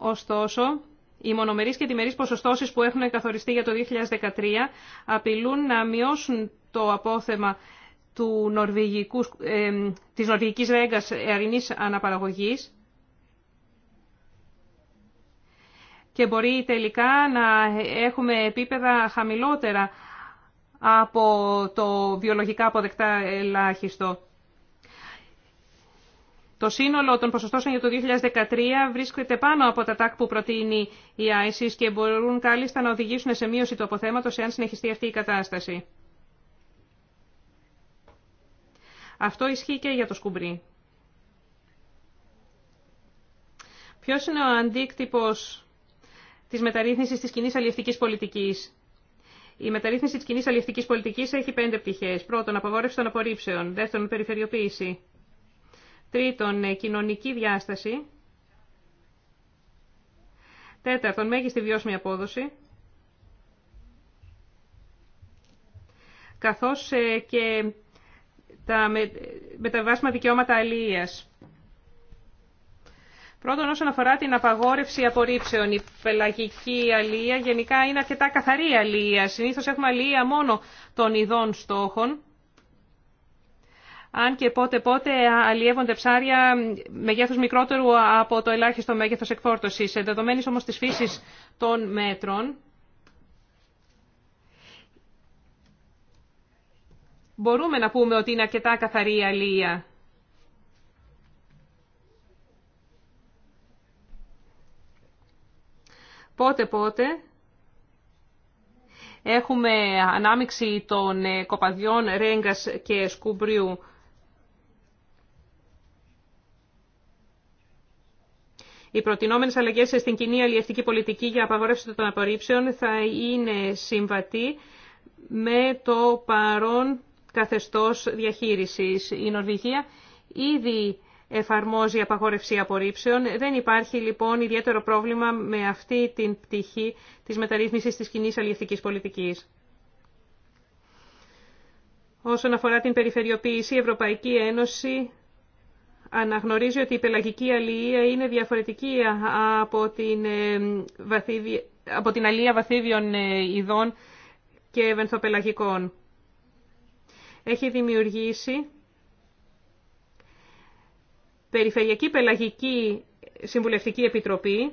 Ωστόσο, οι μονομερείς και διμερείς ποσοστώσεις που έχουν καθοριστεί για το 2013 απειλούν να μειώσουν το απόθεμα του νορβηγικού, ε, της νορβηγικής ρέγκας αναπαραγωγής και μπορεί τελικά να έχουμε επίπεδα χαμηλότερα από το βιολογικά αποδεκτά ελάχιστο. Το σύνολο των ποσοστώσεων για το 2013 βρίσκεται πάνω από τα τάκ που προτείνει η ISIS και μπορούν κάλλιστα να οδηγήσουν σε μείωση του αποθέματος εάν συνεχιστεί αυτή η κατάσταση. Αυτό ισχύει και για το σκουμπρί. Ποιο είναι ο αντίκτυπο τη μεταρρύθμιση τη κοινή αλληλευτική πολιτική. Η μεταρρύθμιση τη κοινή αλληλευτική πολιτική έχει πέντε πτυχέ. Πρώτον, απαγόρευση των απορρίψεων. Δεύτερον, περιφερειοποίηση. Τρίτον, ε, κοινωνική διάσταση. Τέταρτον, μέγιστη βιώσιμη απόδοση. Καθώς ε, και τα μεταβάσιμα δικαιώματα αλληλείας. Πρώτον, όσον αφορά την απαγόρευση απορρίψεων, η πελαγική αλληλεία γενικά είναι αρκετά καθαρή αλληλεία. Συνήθως έχουμε αλληλεία μόνο των ειδών στόχων αν και πότε πότε αλλιεύονται ψάρια μεγέθου μικρότερου από το ελάχιστο μέγεθος εκφόρτωσης. Ε, δεδομένης όμως τη φύση των μέτρων, μπορούμε να πούμε ότι είναι αρκετά καθαρή η αλία. Πότε πότε έχουμε ανάμειξη των ε, κοπαδιών ρέγγας και σκουμπριού Οι προτινόμενες αλλαγές στην κοινή αλλιευτική πολιτική για απαγόρευση των απορρίψεων θα είναι συμβατή με το παρόν καθεστώς διαχείρισης. Η Νορβηγία ήδη εφαρμόζει απαγόρευση απορρίψεων. Δεν υπάρχει λοιπόν ιδιαίτερο πρόβλημα με αυτή την πτυχή της μεταρρύθμισης της κοινή αλληλευτικής πολιτικής. Όσον αφορά την περιφερειοποίηση, η Ευρωπαϊκή Ένωση αναγνωρίζει ότι η πελαγική αλληλεία είναι διαφορετική από την, ε, βαθύβι... από την αλληλεία βαθύβιων ε, ειδών και βενθοπελαγικών. Έχει δημιουργήσει Περιφερειακή Πελαγική Συμβουλευτική Επιτροπή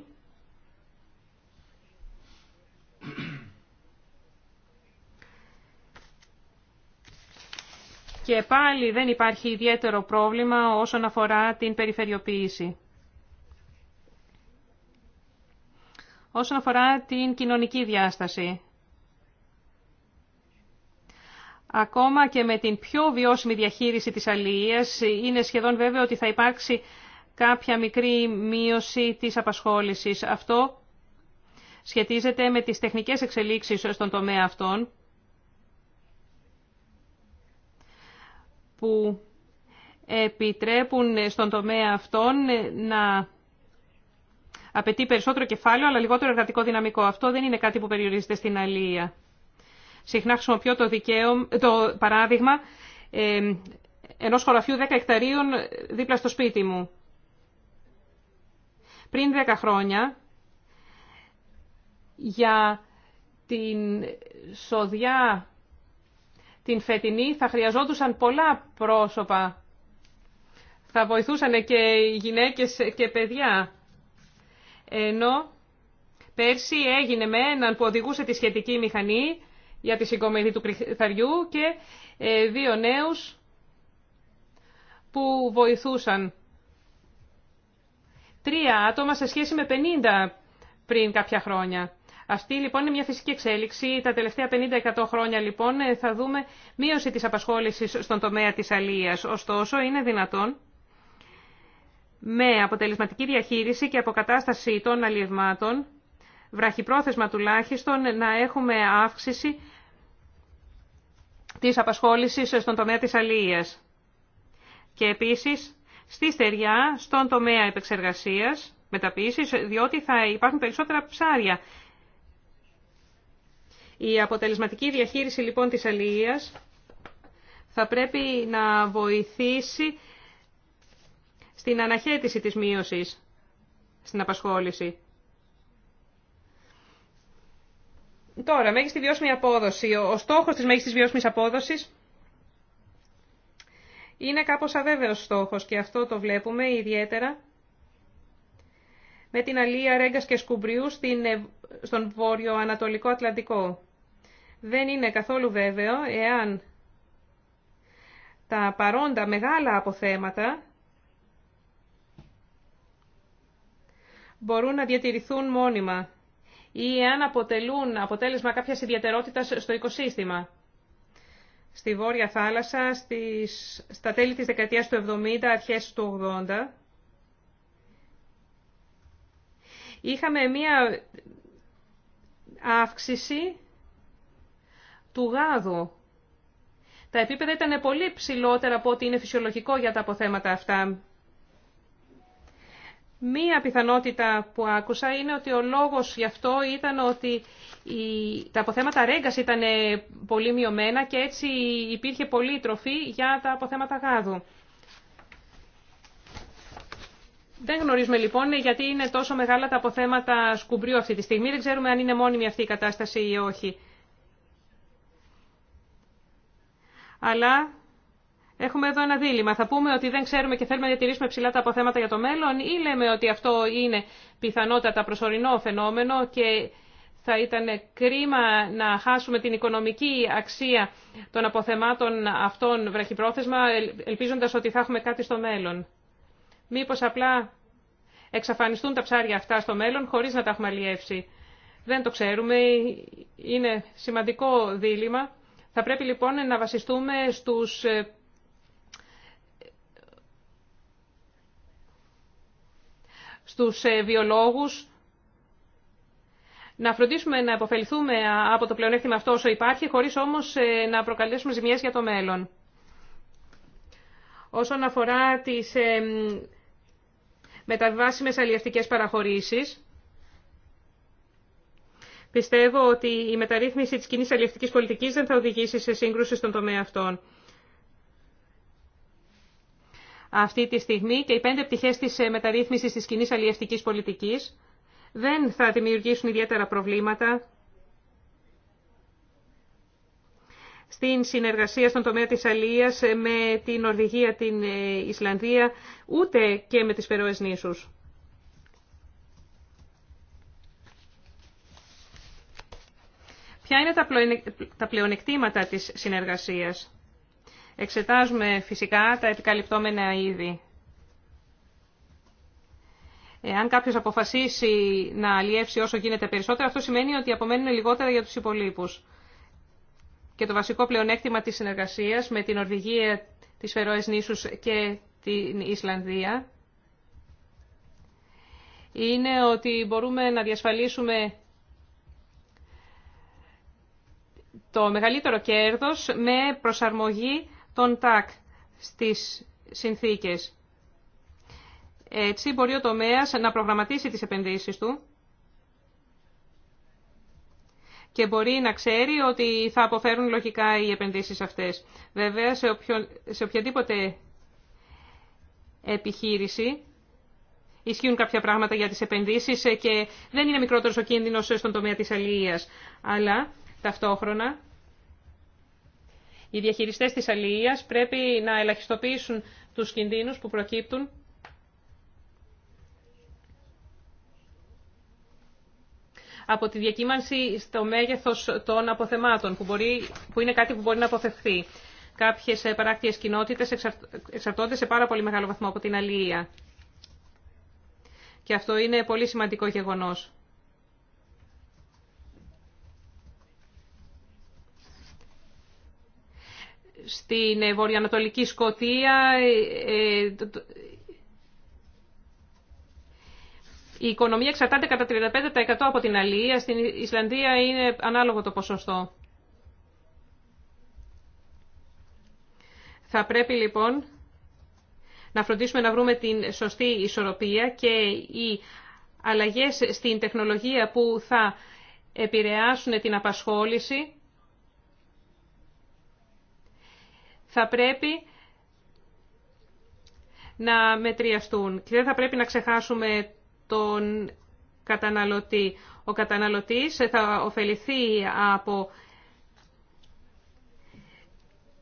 και πάλι δεν υπάρχει ιδιαίτερο πρόβλημα όσον αφορά την περιφερειοποίηση. Όσον αφορά την κοινωνική διάσταση. Ακόμα και με την πιο βιώσιμη διαχείριση της αλληλείας, είναι σχεδόν βέβαιο ότι θα υπάρξει κάποια μικρή μείωση της απασχόλησης. Αυτό σχετίζεται με τις τεχνικές εξελίξεις στον τομέα αυτών που επιτρέπουν στον τομέα αυτόν να απαιτεί περισσότερο κεφάλαιο αλλά λιγότερο εργατικό δυναμικό. Αυτό δεν είναι κάτι που περιορίζεται στην αλλήλεια. Συχνά χρησιμοποιώ το, δικαίω, το παράδειγμα ε, ενός χωραφιού 10 εκταρίων δίπλα στο σπίτι μου. Πριν 10 χρόνια, για την σοδιά την φετινή θα χρειαζόντουσαν πολλά πρόσωπα. Θα βοηθούσαν και οι γυναίκες και παιδιά. Ενώ πέρσι έγινε με έναν που οδηγούσε τη σχετική μηχανή για τη συγκομιδή του κρυθαριού και ε, δύο νέους που βοηθούσαν. Τρία άτομα σε σχέση με 50 πριν κάποια χρόνια. Αυτή λοιπόν είναι μια φυσική εξέλιξη. Τα τελευταία 50-100 χρόνια λοιπόν ε, θα δούμε μείωση της απασχόλησης στον τομέα της αλίας. Ωστόσο είναι δυνατόν με αποτελεσματική διαχείριση και αποκατάσταση των αλλιευμάτων, βραχυπρόθεσμα τουλάχιστον, να έχουμε αύξηση της απασχόλησης στον τομέα της αλίας. Και επίσης στη στεριά, στον τομέα επεξεργασίας, μεταποίησης, διότι θα υπάρχουν περισσότερα ψάρια η αποτελεσματική διαχείριση λοιπόν της αλληλείας θα πρέπει να βοηθήσει στην αναχέτηση της μείωσης στην απασχόληση. Τώρα, μέγιστη βιώσιμη απόδοση. Ο στόχος της μέγιστης βιώσιμης απόδοσης είναι κάπως αβέβαιος στόχος και αυτό το βλέπουμε ιδιαίτερα με την αλία Ρέγκας και Σκουμπριού στον Βόρειο Ανατολικό Ατλαντικό. Δεν είναι καθόλου βέβαιο εάν τα παρόντα μεγάλα αποθέματα μπορούν να διατηρηθούν μόνιμα ή εάν αποτελούν αποτέλεσμα κάποιας ιδιαιτερότητας στο οικοσύστημα. Στη Βόρεια Θάλασσα, στις, στα τέλη της δεκαετίας του 70, αρχές του 80, είχαμε μία αύξηση του γάδου. Τα επίπεδα ήταν πολύ ψηλότερα από ό,τι είναι φυσιολογικό για τα αποθέματα αυτά. Μία πιθανότητα που άκουσα είναι ότι ο λόγος γι' αυτό ήταν ότι τα αποθέματα ρέγκας ήταν πολύ μειωμένα και έτσι υπήρχε πολύ τροφή για τα αποθέματα γάδου. Δεν γνωρίζουμε λοιπόν γιατί είναι τόσο μεγάλα τα αποθέματα σκουμπρίου αυτή τη στιγμή. Δεν ξέρουμε αν είναι μόνιμη αυτή η κατάσταση ή όχι. Αλλά έχουμε εδώ ένα δίλημα. Θα πούμε ότι δεν ξέρουμε και θέλουμε να διατηρήσουμε ψηλά τα αποθέματα για το μέλλον ή λέμε ότι αυτό είναι πιθανότατα προσωρινό φαινόμενο και θα ήταν κρίμα να χάσουμε την οικονομική αξία των αποθεμάτων αυτών βραχυπρόθεσμα, ελπίζοντας ότι θα έχουμε κάτι στο μέλλον. Μήπως απλά εξαφανιστούν τα ψάρια αυτά στο μέλλον χωρίς να τα έχουμε αλλιεύσει. Δεν το ξέρουμε, είναι σημαντικό δίλημα. Θα πρέπει λοιπόν να βασιστούμε στους ε, στους ε, βιολόγους, να φροντίσουμε να υποφεληθούμε από το πλεονέκτημα αυτό όσο υπάρχει, χωρίς όμως ε, να προκαλέσουμε ζημιές για το μέλλον. Όσον αφορά τις μεταβάσιμες αλλιευτικές παραχωρήσεις. Πιστεύω ότι η μεταρρύθμιση της κοινής αλληλευτικής πολιτικής δεν θα οδηγήσει σε σύγκρουση στον τομέα αυτών. Αυτή τη στιγμή και οι πέντε πτυχές της ε, μεταρρύθμισης της κοινή αλληλευτικής πολιτικής δεν θα δημιουργήσουν ιδιαίτερα προβλήματα στην συνεργασία στον τομέα της αλίας ε, με την Νορβηγία, την ε, Ισλανδία, ούτε και με τις Φερόες νήσους. Ποια είναι τα πλεονεκτήματα της συνεργασίας. Εξετάζουμε φυσικά τα επικαλυπτόμενα είδη. Εάν κάποιο αποφασίσει να αλλιεύσει όσο γίνεται περισσότερο, αυτό σημαίνει ότι απομένουν λιγότερα για του υπολείπου και το βασικό πλεονέκτημα της συνεργασίας με την Ορβηγία, τις Φερόες Νήσους και την Ισλανδία είναι ότι μπορούμε να διασφαλίσουμε το μεγαλύτερο κέρδος με προσαρμογή των ΤΑΚ στις συνθήκες. Έτσι μπορεί ο τομέας να προγραμματίσει τις επενδύσεις του και μπορεί να ξέρει ότι θα αποφέρουν λογικά οι επενδύσεις αυτές. Βέβαια, σε, σε οποιαδήποτε επιχείρηση ισχύουν κάποια πράγματα για τις επενδύσεις ε, και δεν είναι μικρότερος ο κίνδυνος στον τομέα της αλληλείας. Αλλά ταυτόχρονα οι διαχειριστές της αλληλείας πρέπει να ελαχιστοποιήσουν τους κινδύνους που προκύπτουν από τη διακύμανση στο μέγεθος των αποθεμάτων, που, μπορεί, που είναι κάτι που μπορεί να αποφευθεί. Κάποιες ε, παράκτηε κοινότητες εξαρτώνται σε πάρα πολύ μεγάλο βαθμό από την αλληλεία. Και αυτό είναι πολύ σημαντικό γεγονό. Στην ε, βορειοανατολική Σκοτία ε, η οικονομία εξαρτάται κατά 35% από την αλληλεία. Στην Ισλανδία είναι ανάλογο το ποσοστό. Θα πρέπει λοιπόν να φροντίσουμε να βρούμε την σωστή ισορροπία και οι αλλαγές στην τεχνολογία που θα επηρεάσουν την απασχόληση θα πρέπει να μετριαστούν. Και δεν θα πρέπει να ξεχάσουμε τον καταναλωτή. Ο καταναλωτής θα ωφεληθεί από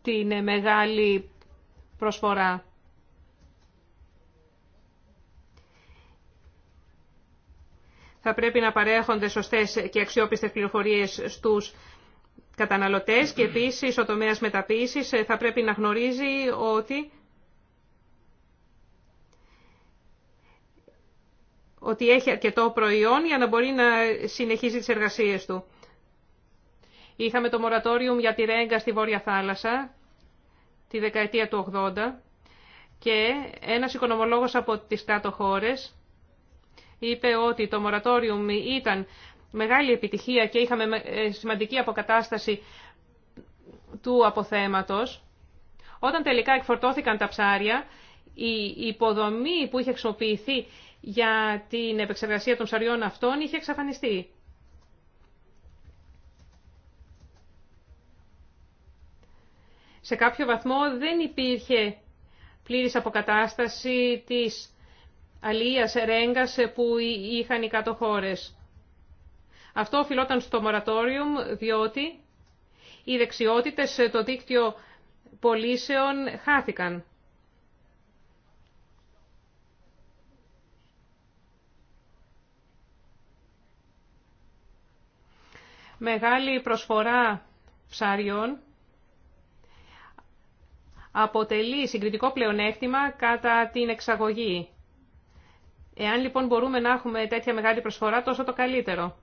την μεγάλη προσφορά. Θα πρέπει να παρέχονται σωστές και αξιόπιστες πληροφορίες στους καταναλωτές και επίσης ο τομέας μεταποίησης θα πρέπει να γνωρίζει ότι ότι έχει αρκετό προϊόν για να μπορεί να συνεχίζει τις εργασίες του. Είχαμε το μορατόριουμ για τη Ρέγκα στη Βόρεια Θάλασσα τη δεκαετία του 80 και ένας οικονομολόγος από τις κάτω χώρες είπε ότι το μορατόριουμ ήταν μεγάλη επιτυχία και είχαμε ε, σημαντική αποκατάσταση του αποθέματος. Όταν τελικά εκφορτώθηκαν τα ψάρια, η υποδομή που είχε χρησιμοποιηθεί για την επεξεργασία των ψαριών αυτών είχε εξαφανιστεί. Σε κάποιο βαθμό δεν υπήρχε πλήρης αποκατάσταση της αλίας ρέγγας που είχαν οι κάτω χώρες. Αυτό οφειλόταν στο μορατόριουμ διότι οι δεξιότητες το δίκτυο πολίσεων χάθηκαν. μεγάλη προσφορά ψαριών αποτελεί συγκριτικό πλεονέκτημα κατά την εξαγωγή. Εάν λοιπόν μπορούμε να έχουμε τέτοια μεγάλη προσφορά, τόσο το καλύτερο.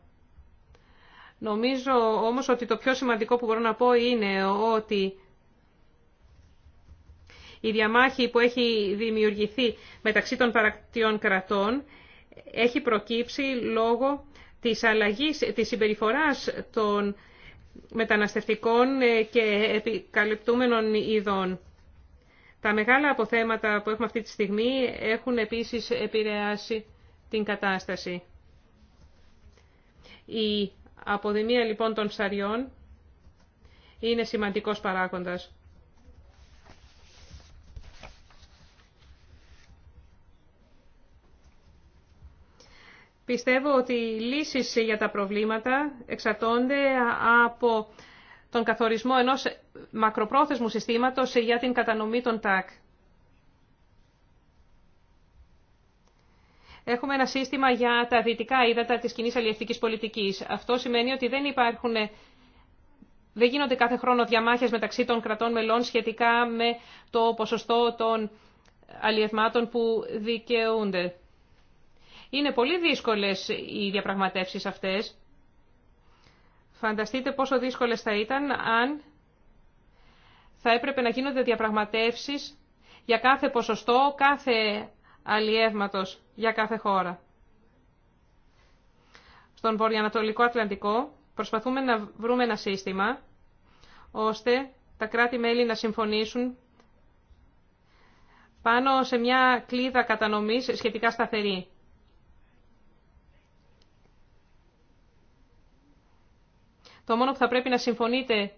Νομίζω όμως ότι το πιο σημαντικό που μπορώ να πω είναι ότι η διαμάχη που έχει δημιουργηθεί μεταξύ των παρακτιών κρατών έχει προκύψει λόγω της αλλαγής της συμπεριφοράς των μεταναστευτικών ε, και επικαλυπτούμενων ειδών. Τα μεγάλα αποθέματα που έχουμε αυτή τη στιγμή έχουν επίσης επηρεάσει την κατάσταση. Η αποδημία λοιπόν των ψαριών είναι σημαντικός παράγοντας. Πιστεύω ότι οι λύσεις για τα προβλήματα εξαρτώνται από τον καθορισμό ενός μακροπρόθεσμου συστήματος για την κατανομή των ΤΑΚ. Έχουμε ένα σύστημα για τα δυτικά ύδατα της κοινή αλληλευτικής πολιτικής. Αυτό σημαίνει ότι δεν υπάρχουν... Δεν γίνονται κάθε χρόνο διαμάχες μεταξύ των κρατών μελών σχετικά με το ποσοστό των αλλιευμάτων που δικαιούνται. Είναι πολύ δύσκολες οι διαπραγματεύσεις αυτές. Φανταστείτε πόσο δύσκολες θα ήταν αν θα έπρεπε να γίνονται διαπραγματεύσεις για κάθε ποσοστό, κάθε αλλιεύματος, για κάθε χώρα. Στον Βορειοανατολικό Ατλαντικό προσπαθούμε να βρούμε ένα σύστημα ώστε τα κράτη-μέλη να συμφωνήσουν πάνω σε μια κλίδα κατανομής σχετικά σταθερή. Το μόνο που θα πρέπει να συμφωνείτε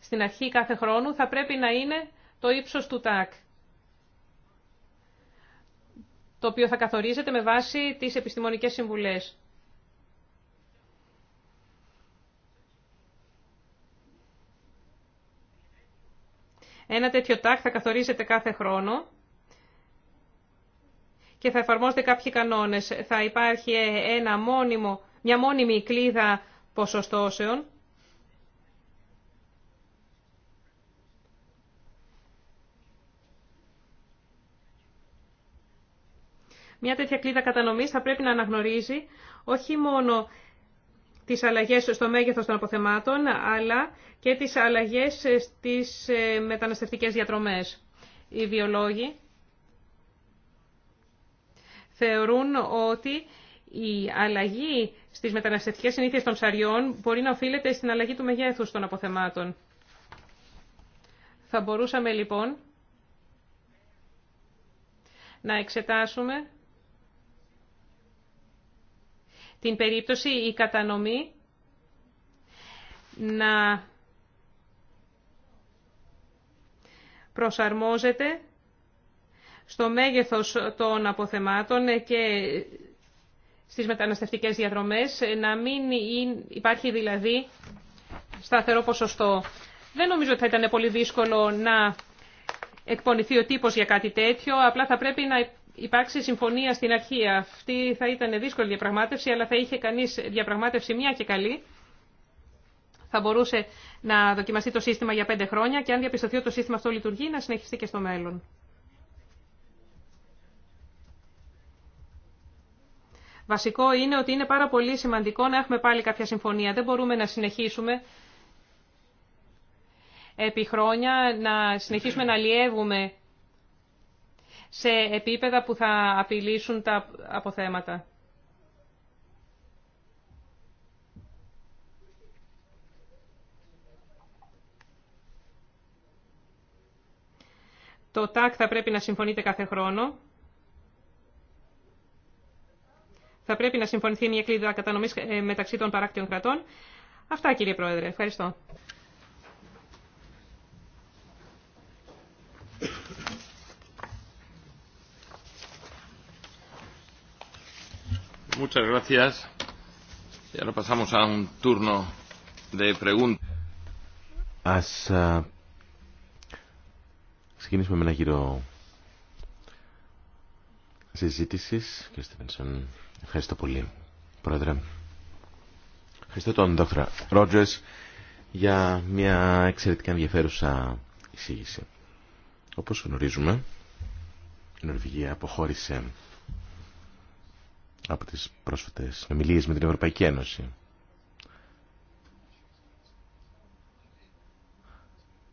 στην αρχή κάθε χρόνου θα πρέπει να είναι το ύψος του ΤΑΚ, το οποίο θα καθορίζεται με βάση τις επιστημονικές συμβουλές. Ένα τέτοιο τάκ θα καθορίζεται κάθε χρόνο και θα εφαρμόζεται κάποιοι κανόνες. Θα υπάρχει ένα μόνιμο, μια μόνιμη κλίδα μια τέτοια κλίδα κατανομής θα πρέπει να αναγνωρίζει όχι μόνο τις αλλαγές στο μέγεθος των αποθεμάτων, αλλά και τις αλλαγές στις ε, μεταναστευτικές διατρομές. Οι βιολόγοι θεωρούν ότι η αλλαγή στις μεταναστευτικέ συνήθειε των ψαριών μπορεί να οφείλεται στην αλλαγή του μεγέθους των αποθεμάτων. Θα μπορούσαμε λοιπόν να εξετάσουμε την περίπτωση η κατανομή να προσαρμόζεται στο μέγεθος των αποθεμάτων και στις μεταναστευτικές διαδρομές, να μην υπάρχει δηλαδή σταθερό ποσοστό. Δεν νομίζω ότι θα ήταν πολύ δύσκολο να εκπονηθεί ο τύπος για κάτι τέτοιο, απλά θα πρέπει να υπάρξει συμφωνία στην αρχή. Αυτή θα ήταν δύσκολη διαπραγμάτευση, αλλά θα είχε κανείς διαπραγμάτευση μια και καλή. Θα μπορούσε να δοκιμαστεί το σύστημα για πέντε χρόνια και αν διαπιστωθεί ότι το σύστημα αυτό λειτουργεί, να συνεχιστεί και στο μέλλον. Βασικό είναι ότι είναι πάρα πολύ σημαντικό να έχουμε πάλι κάποια συμφωνία. Δεν μπορούμε να συνεχίσουμε επί χρόνια να συνεχίσουμε να λιεύουμε σε επίπεδα που θα απειλήσουν τα αποθέματα. Το ΤΑΚ θα πρέπει να συμφωνείτε κάθε χρόνο. θα πρέπει να συμφωνηθεί μια κλίδα κατανομής ε, μεταξύ των παράκτιων κρατών. Αυτά κύριε Πρόεδρε. Ευχαριστώ. Muchas gracias. Y ahora pasamos a un turno de preguntas. Ας α, ξεκινήσουμε με ένα γύρο συζήτησης. Κύριε son. Ευχαριστώ πολύ, Πρόεδρε. Ευχαριστώ τον Δόκτρα Ρότζε για μια εξαιρετικά ενδιαφέρουσα εισήγηση. Όπως γνωρίζουμε, η Νορβηγία αποχώρησε από τις πρόσφατες ομιλίες με την Ευρωπαϊκή Ένωση.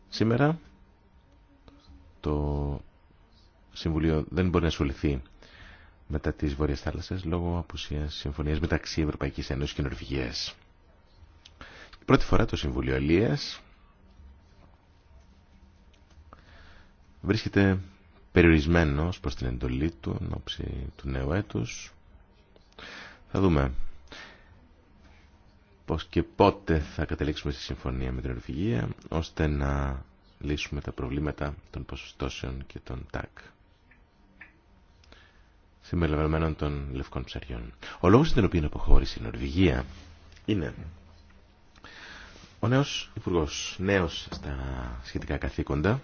Σήμερα το Συμβουλίο δεν μπορεί να ασχοληθεί μετά τις Βόρειες Θάλασσες λόγω απουσίας συμφωνία μεταξύ Ευρωπαϊκής Ένωσης και Νορβηγίας. πρώτη φορά το Συμβουλίο Αλίας βρίσκεται περιορισμένο προς την εντολή του εν του νέου έτους. Θα δούμε πώς και πότε θα καταλήξουμε στη συμφωνία με την Νορβηγία ώστε να λύσουμε τα προβλήματα των ποσοστώσεων και των ΤΑΚ συμπεριλαμβανομένων των λευκών ψαριών. Ο λόγο για τον οποίο αποχώρησε η Νορβηγία είναι ο νέο υπουργό, νέο στα σχετικά καθήκοντα,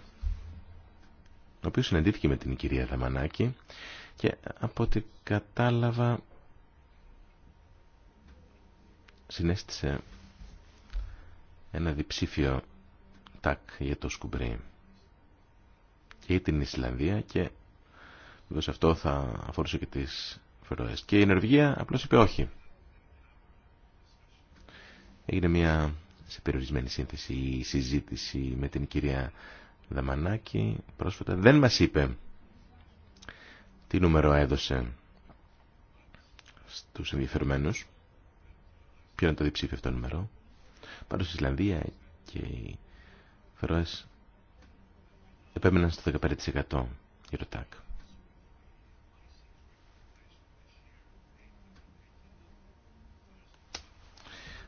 ο οποίο συναντήθηκε με την κυρία Δαμανάκη και από ό,τι κατάλαβα συνέστησε ένα διψήφιο τάκ για το σκουμπρί και την Ισλανδία και σε αυτό θα αφορούσε και τις φεροές. Και η Νορβηγία απλώς είπε όχι. Έγινε μια σε περιορισμένη σύνθεση συζήτηση με την κυρία Δαμανάκη πρόσφατα. Δεν μας είπε τι νούμερο έδωσε στους ενδιαφερμένους. Ποιο είναι το διψήφιο αυτό νούμερο. Πάντως η Ισλανδία και οι Φερόες επέμεναν στο 15% η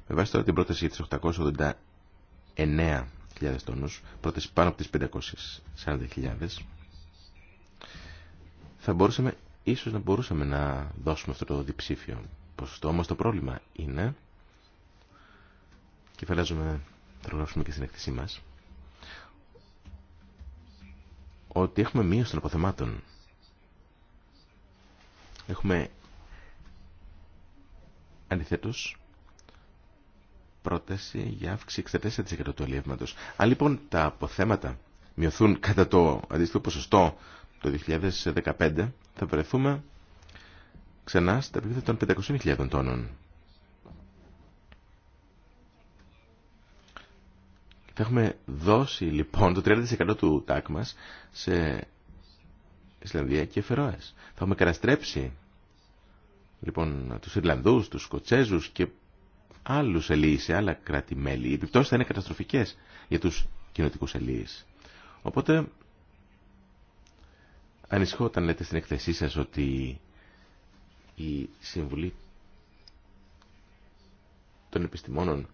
Με βάση τώρα την πρόταση για τι 889.000 τόνους, πρόταση πάνω από τι 540.000, θα μπορούσαμε, ίσως να μπορούσαμε να δώσουμε αυτό το διψήφιο ποσοστό. όμω το πρόβλημα είναι, και φαντάζομαι θα το γράψουμε και στην εκθεσή μας, ότι έχουμε μείωση των αποθεμάτων. Έχουμε αντιθέτω, πρόταση για αύξηση 64% του αλλιεύματος. Αν λοιπόν τα αποθέματα μειωθούν κατά το αντίστοιχο ποσοστό το 2015, θα βρεθούμε ξανά στα επίπεδα των 500.000 τόνων. Θα έχουμε δώσει λοιπόν το 30% του τάκ μας σε Ισλανδία και Φερόες. Θα έχουμε καταστρέψει λοιπόν τους Ιρλανδούς, τους Σκοτσέζους και Άλλου ελίοι σε άλλα κράτη-μέλη. Οι επιπτώσεις θα είναι καταστροφικές για τους κοινοτικούς ελίους. Οπότε, ανησυχώ όταν λέτε στην εκθεσή σα ότι η Συμβουλή των Επιστημόνων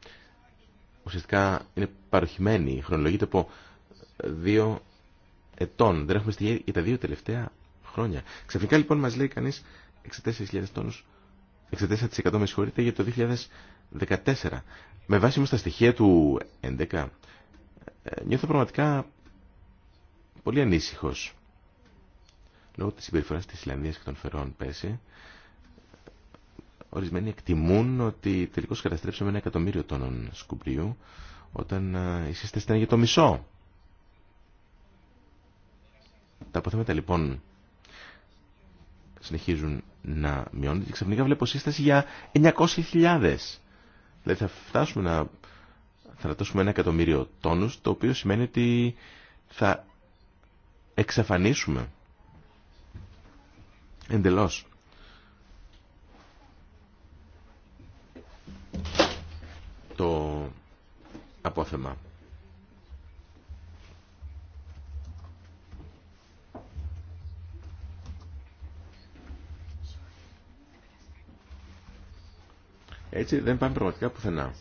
ουσιαστικά είναι παροχημένη, χρονολογείται από δύο ετών. Δεν έχουμε στοιχεία για τα δύο τελευταία χρόνια. Ξαφνικά λοιπόν μας λέει κανεί 64.000 τόνους, 64% με συγχωρείτε για το 14. Με βάση όμω τα στοιχεία του 11, ε, νιώθω πραγματικά πολύ ανήσυχο. Λόγω τη συμπεριφορά τη Ισλανδία και των Φερών πέρσι, ορισμένοι εκτιμούν ότι τελικώ καταστρέψαμε ένα εκατομμύριο τόνων σκουμπριού, όταν η σύσταση ήταν για το μισό. Τα αποθέματα λοιπόν συνεχίζουν να μειώνεται και ξαφνικά βλέπω σύσταση για 900.000. Δηλαδή θα φτάσουμε να θανατώσουμε ένα εκατομμύριο τόνους, το οποίο σημαίνει ότι θα εξαφανίσουμε εντελώς το απόθεμα. Έτσι δεν πάμε πραγματικά πουθενά.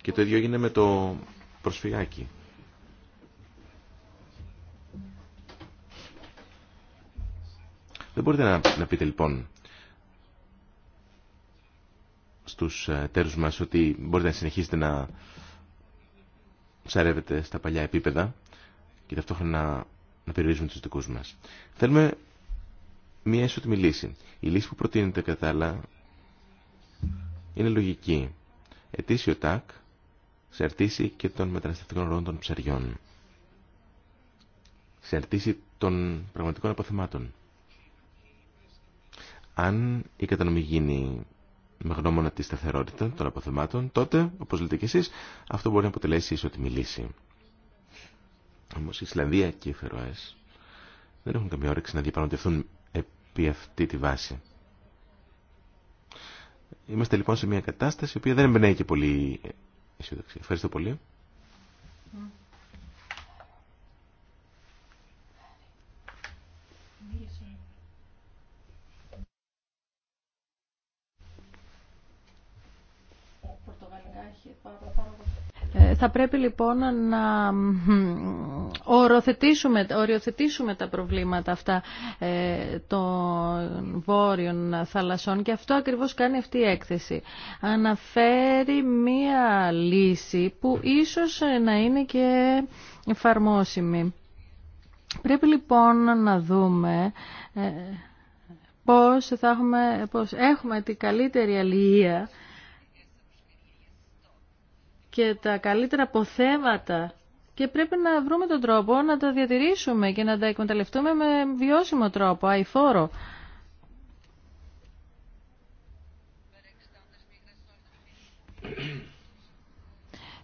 Και το ίδιο έγινε με το προσφυγάκι. Δεν μπορείτε να, πείτε λοιπόν στους ε, τέρους μας ότι μπορείτε να συνεχίσετε να ψαρεύετε στα παλιά επίπεδα και ταυτόχρονα να περιορίζουμε τους δικούς μας. Θέλουμε μια ισότιμη λύση. Η λύση που προτείνεται κατά άλλα είναι λογική. Ετήσιο τάκ σε αρτήσει και των μεταναστευτικών ροών των ψαριών. Σε αρτήσει των πραγματικών αποθεμάτων. Αν η κατανομή γίνει με γνώμονα τη σταθερότητα των αποθεμάτων, τότε, όπως λέτε και εσείς, αυτό μπορεί να αποτελέσει ισότιμη λύση. Όμως η Ισλανδία και οι Φεροές δεν έχουν καμία όρεξη να διαπραγματευτούν επί αυτή τη βάση. Είμαστε λοιπόν σε μια κατάσταση η οποία δεν εμπνέει και πολύ αισιοδοξία. Ευχαριστώ πολύ. Θα πρέπει λοιπόν να οριοθετήσουμε, τα προβλήματα αυτά ε, των βόρειων θαλασσών και αυτό ακριβώς κάνει αυτή η έκθεση. Αναφέρει μία λύση που ίσως ε, να είναι και εφαρμόσιμη. Πρέπει λοιπόν να δούμε ε, πώς θα έχουμε, πώς έχουμε την καλύτερη αλληλεία και τα καλύτερα αποθέματα και πρέπει να βρούμε τον τρόπο να τα διατηρήσουμε και να τα εκμεταλλευτούμε με βιώσιμο τρόπο, αηφόρο.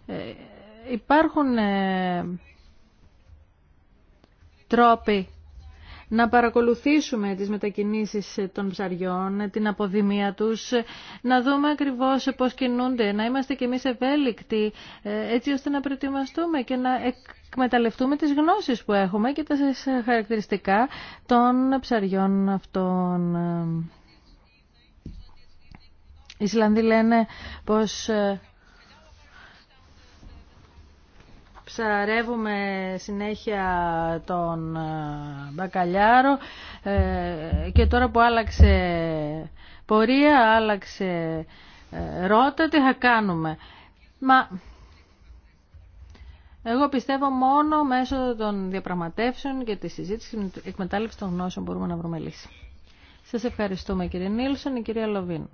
Ε, υπάρχουν ε, τρόποι να παρακολουθήσουμε τις μετακινήσεις των ψαριών, την αποδημία τους, να δούμε ακριβώς πώς κινούνται, να είμαστε κι εμείς ευέλικτοι, ε, έτσι ώστε να προετοιμαστούμε και να εκμεταλλευτούμε τις γνώσεις που έχουμε και τα χαρακτηριστικά των ψαριών αυτών. Οι Ισλανδοί λένε πως ε, ψαρεύουμε συνέχεια τον ε, μπακαλιάρο ε, και τώρα που άλλαξε πορεία, άλλαξε ε, ρότα, τι θα κάνουμε. Μα εγώ πιστεύω μόνο μέσω των διαπραγματεύσεων και της συζήτηση και εκμετάλλευση των γνώσεων μπορούμε να βρούμε λύση. Σας ευχαριστούμε κύριε Νίλσον και κυρία Λοβίν.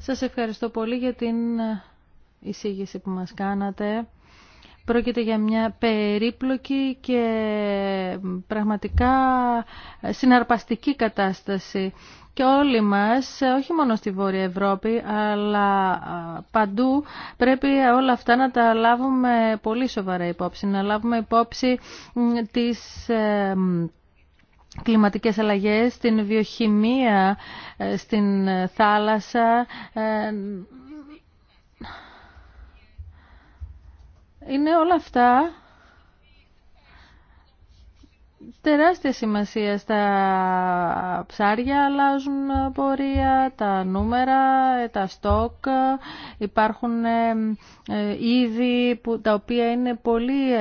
Σας ευχαριστώ πολύ για την ε, εισήγηση που μας κάνατε. Πρόκειται για μια περίπλοκη και πραγματικά ε, συναρπαστική κατάσταση. Και όλοι μας, ε, όχι μόνο στη Βόρεια Ευρώπη, αλλά παντού πρέπει όλα αυτά να τα λάβουμε πολύ σοβαρά υπόψη. Να λάβουμε υπόψη της κλιματικές αλλαγές, την βιοχημία ε, στην ε, θάλασσα. Ε, είναι όλα αυτά τεράστια σημασία στα ψάρια, αλλάζουν πορεία, τα νούμερα, ε, τα στόκ, υπάρχουν ε, ε, είδη που, τα οποία είναι πολύ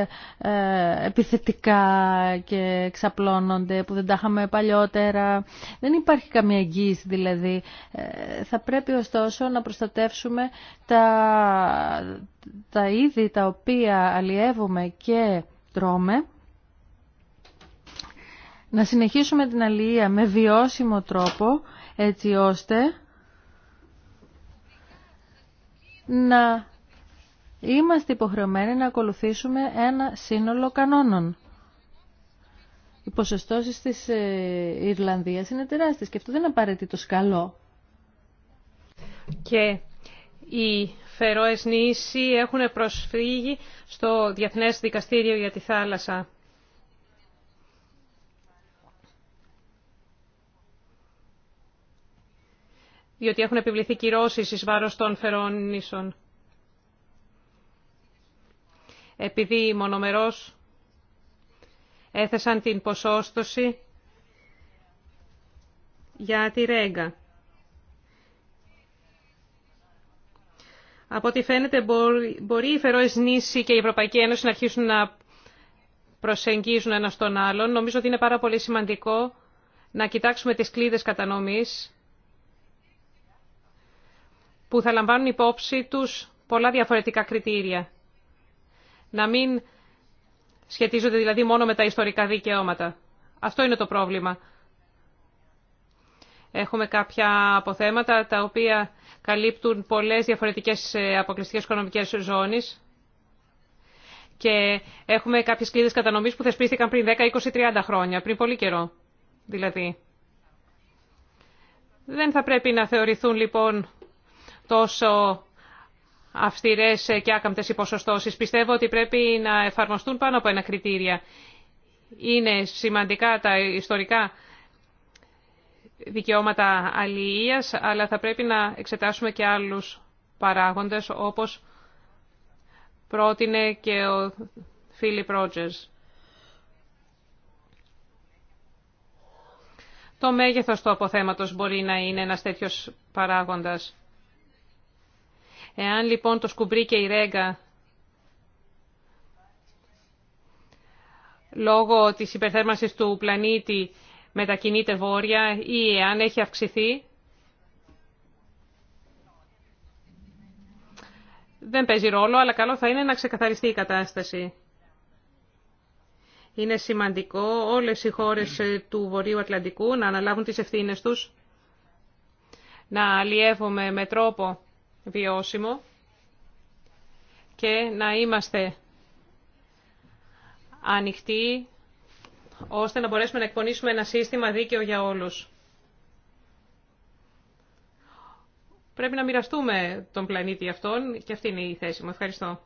επιθετικά και ξαπλώνονται που δεν τα είχαμε παλιότερα. Δεν υπάρχει καμία εγγύηση δηλαδή. Θα πρέπει ωστόσο να προστατεύσουμε τα, τα είδη τα οποία αλλιεύουμε και τρώμε, να συνεχίσουμε την αλληλεία με βιώσιμο τρόπο έτσι ώστε να είμαστε υποχρεωμένοι να ακολουθήσουμε ένα σύνολο κανόνων. Οι ποσοστώσεις της ε, Ιρλανδίας είναι τεράστιες και αυτό δεν είναι απαραίτητο καλό. Και οι Φερόες νήσοι έχουν προσφύγει στο διεθνέ Δικαστήριο για τη Θάλασσα. διότι έχουν επιβληθεί κυρώσει εις βάρος των φερόνισων. Επειδή μονομερός έθεσαν την ποσόστοση για τη ρέγγα. Από ό,τι φαίνεται μπορεί η Φερόες Νήσι και η Ευρωπαϊκή Ένωση να αρχίσουν να προσεγγίζουν ένα τον άλλον. Νομίζω ότι είναι πάρα πολύ σημαντικό να κοιτάξουμε τις κλίδες κατανομής που θα λαμβάνουν υπόψη τους πολλά διαφορετικά κριτήρια. Να μην σχετίζονται δηλαδή μόνο με τα ιστορικά δικαιώματα. Αυτό είναι το πρόβλημα. Έχουμε κάποια αποθέματα τα οποία καλύπτουν πολλές διαφορετικές ε, αποκλειστικές οικονομικές ζώνες και έχουμε κάποιες κλίδες κατανομής που θεσπίστηκαν πριν 10, 20, 30 χρόνια, πριν πολύ καιρό δηλαδή. Δεν θα πρέπει να θεωρηθούν λοιπόν τόσο αυστηρές και άκαμπτες οι ποσοστώσεις. Πιστεύω ότι πρέπει να εφαρμοστούν πάνω από ένα κριτήρια. Είναι σημαντικά τα ιστορικά δικαιώματα αλληλείας, αλλά θα πρέπει να εξετάσουμε και άλλους παράγοντες, όπως πρότεινε και ο Φίλιπ Ρότζερς. Το μέγεθος του αποθέματος μπορεί να είναι ένας τέτοιος παράγοντας. Εάν λοιπόν το σκουμπρί και η Ρέγκα, λόγω της υπερθέρμανσης του πλανήτη μετακινείται βόρεια ή εάν έχει αυξηθεί, δεν παίζει ρόλο, αλλά καλό θα είναι να ξεκαθαριστεί η κατάσταση. Είναι σημαντικό όλες οι χώρες ε, του Βορείου Ατλαντικού να αναλάβουν τις ευθύνες τους, να αλλιεύουμε με τρόπο βιώσιμο και να είμαστε ανοιχτοί ώστε να μπορέσουμε να εκπονήσουμε ένα σύστημα δίκαιο για όλους. Πρέπει να μοιραστούμε τον πλανήτη αυτόν και αυτή είναι η θέση μου. Ευχαριστώ.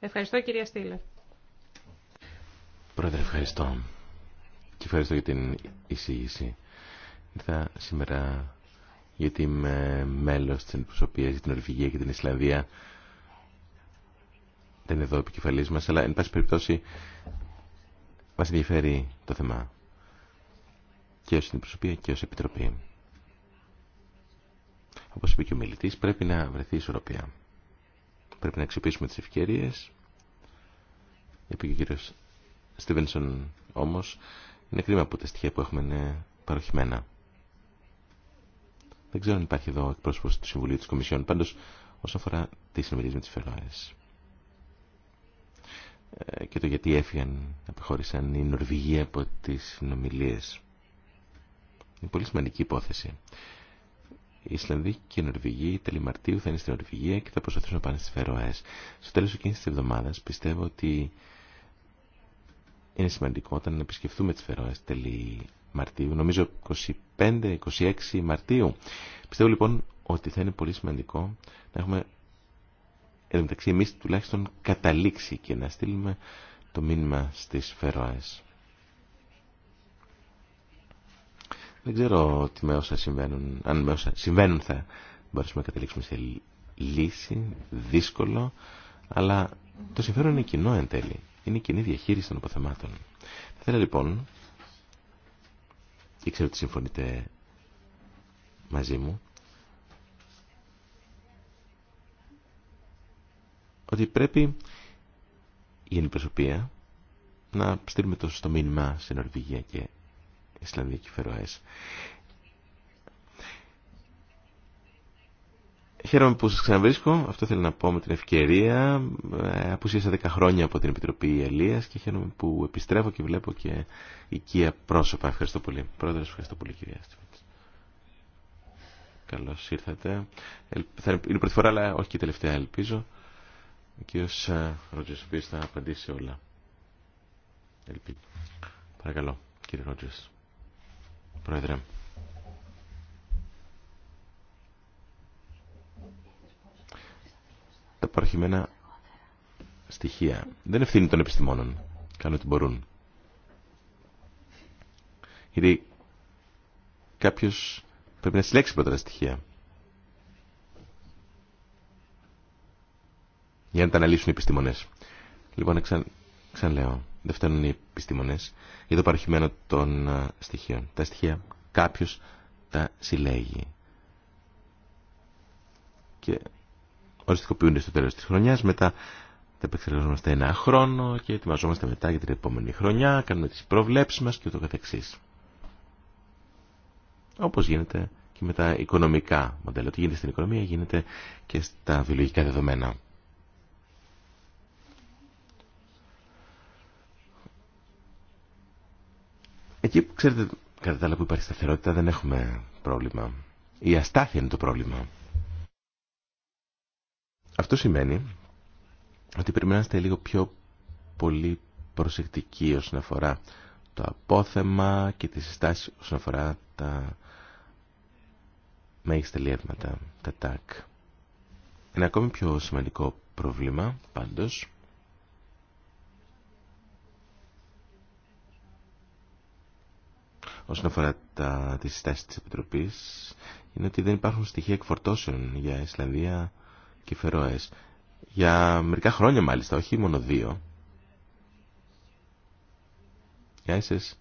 Ευχαριστώ κυρία Στήλε. Πρόεδρε, ευχαριστώ. Και ευχαριστώ για την εισήγηση. Θα σήμερα γιατί είμαι μέλος της αντιπροσωπείας για την Ορφηγία και την Ισλανδία. Δεν είναι εδώ επικεφαλής μας, αλλά εν πάση περιπτώσει μας ενδιαφέρει το θέμα και ως αντιπροσωπεία και ως επιτροπή. Όπως είπε και ο μιλητής, πρέπει να βρεθεί ισορροπία. Πρέπει να αξιοποιήσουμε τις ευκαιρίες. Είπε και ο κύριος Στίβενσον όμως, είναι κρίμα που τα στοιχεία που έχουμε είναι παροχημένα. Δεν ξέρω αν υπάρχει εδώ εκπρόσωπο του Συμβουλίου τη Κομισιόν. Πάντως, όσον αφορά τι συνομιλίες με τι φεροέ. Ε, και το γιατί έφυγαν, απεχώρησαν οι Νορβηγοί από τι συνομιλίε. Είναι πολύ σημαντική υπόθεση. Οι Ισλανδοί και οι Νορβηγοί τέλη Μαρτίου θα είναι στην Νορβηγία και θα προσπαθήσουν να πάνε στι Φερόε. Στο τέλο εκείνη τη εβδομάδα πιστεύω ότι είναι σημαντικό όταν επισκεφτούμε τι Φερόε τέλη Μαρτίου, νομίζω 25-26 Μαρτίου. Πιστεύω λοιπόν ότι θα είναι πολύ σημαντικό να έχουμε εν μεταξύ εμεί τουλάχιστον καταλήξει και να στείλουμε το μήνυμα στι Φεροέ. Δεν ξέρω τι με όσα συμβαίνουν, αν με όσα συμβαίνουν θα μπορέσουμε να καταλήξουμε σε λύση, δύσκολο, αλλά το συμφέρον είναι κοινό εν τέλει. Είναι κοινή διαχείριση των αποθεμάτων. Θα ήθελα λοιπόν και ξέρω ότι συμφωνείτε μαζί μου ότι πρέπει η προσωπία να στείλουμε το σωστό μήνυμα στην Ορβηγία και Ισλανδία και Φεροές Χαίρομαι που σας ξαναβρίσκω. Αυτό θέλω να πω με την ευκαιρία. Ε, απουσίασα 10 χρόνια από την Επιτροπή Ελίας και χαίρομαι που επιστρέφω και βλέπω και οικία πρόσωπα. Ευχαριστώ πολύ. Πρόεδρε, ευχαριστώ πολύ κυρία Στυβίτς. Καλώς ήρθατε. Είναι η πρώτη φορά, αλλά όχι και η τελευταία, ελπίζω. Ο κύριος ε, Ρότζερ ο θα απαντήσει όλα. Ελπίζω. Παρακαλώ, κύριε Ρότζες. Πρόεδρε. παροχημένα στοιχεία. Δεν ευθύνη των επιστημόνων. Κάνουν ό,τι μπορούν. Γιατί κάποιο πρέπει να συλλέξει πρώτα τα στοιχεία. Για να τα αναλύσουν οι επιστημονέ. Λοιπόν, ξαν... ξαναλέω, δεν φτάνουν οι επιστημονέ. για το παροχημένο των στοιχείων. Τα στοιχεία κάποιο τα συλλέγει. Και οριστικοποιούνται στο τέλος της χρονιάς, μετά τα επεξεργαζόμαστε ένα χρόνο και ετοιμαζόμαστε μετά για την επόμενη χρονιά, κάνουμε τις προβλέψεις μας και ούτω καθεξής. Όπως γίνεται και με τα οικονομικά μοντέλα. Τι γίνεται στην οικονομία γίνεται και στα βιολογικά δεδομένα. Εκεί που ξέρετε, κατά τα άλλα που υπάρχει σταθερότητα δεν έχουμε πρόβλημα. Η αστάθεια είναι το πρόβλημα. Αυτό σημαίνει ότι πρέπει να είστε λίγο πιο πολύ προσεκτικοί όσον αφορά το απόθεμα και τις συστάσεις όσον αφορά τα μέγιστα λιεύματα, τα τάκ. Ένα ακόμη πιο σημαντικό πρόβλημα πάντως όσον αφορά τα, τις συστάσεις της Επιτροπής είναι ότι δεν υπάρχουν στοιχεία εκφορτώσεων για Ισλανδία, και Για μερικά χρόνια μάλιστα, όχι μόνο δύο. για αίσες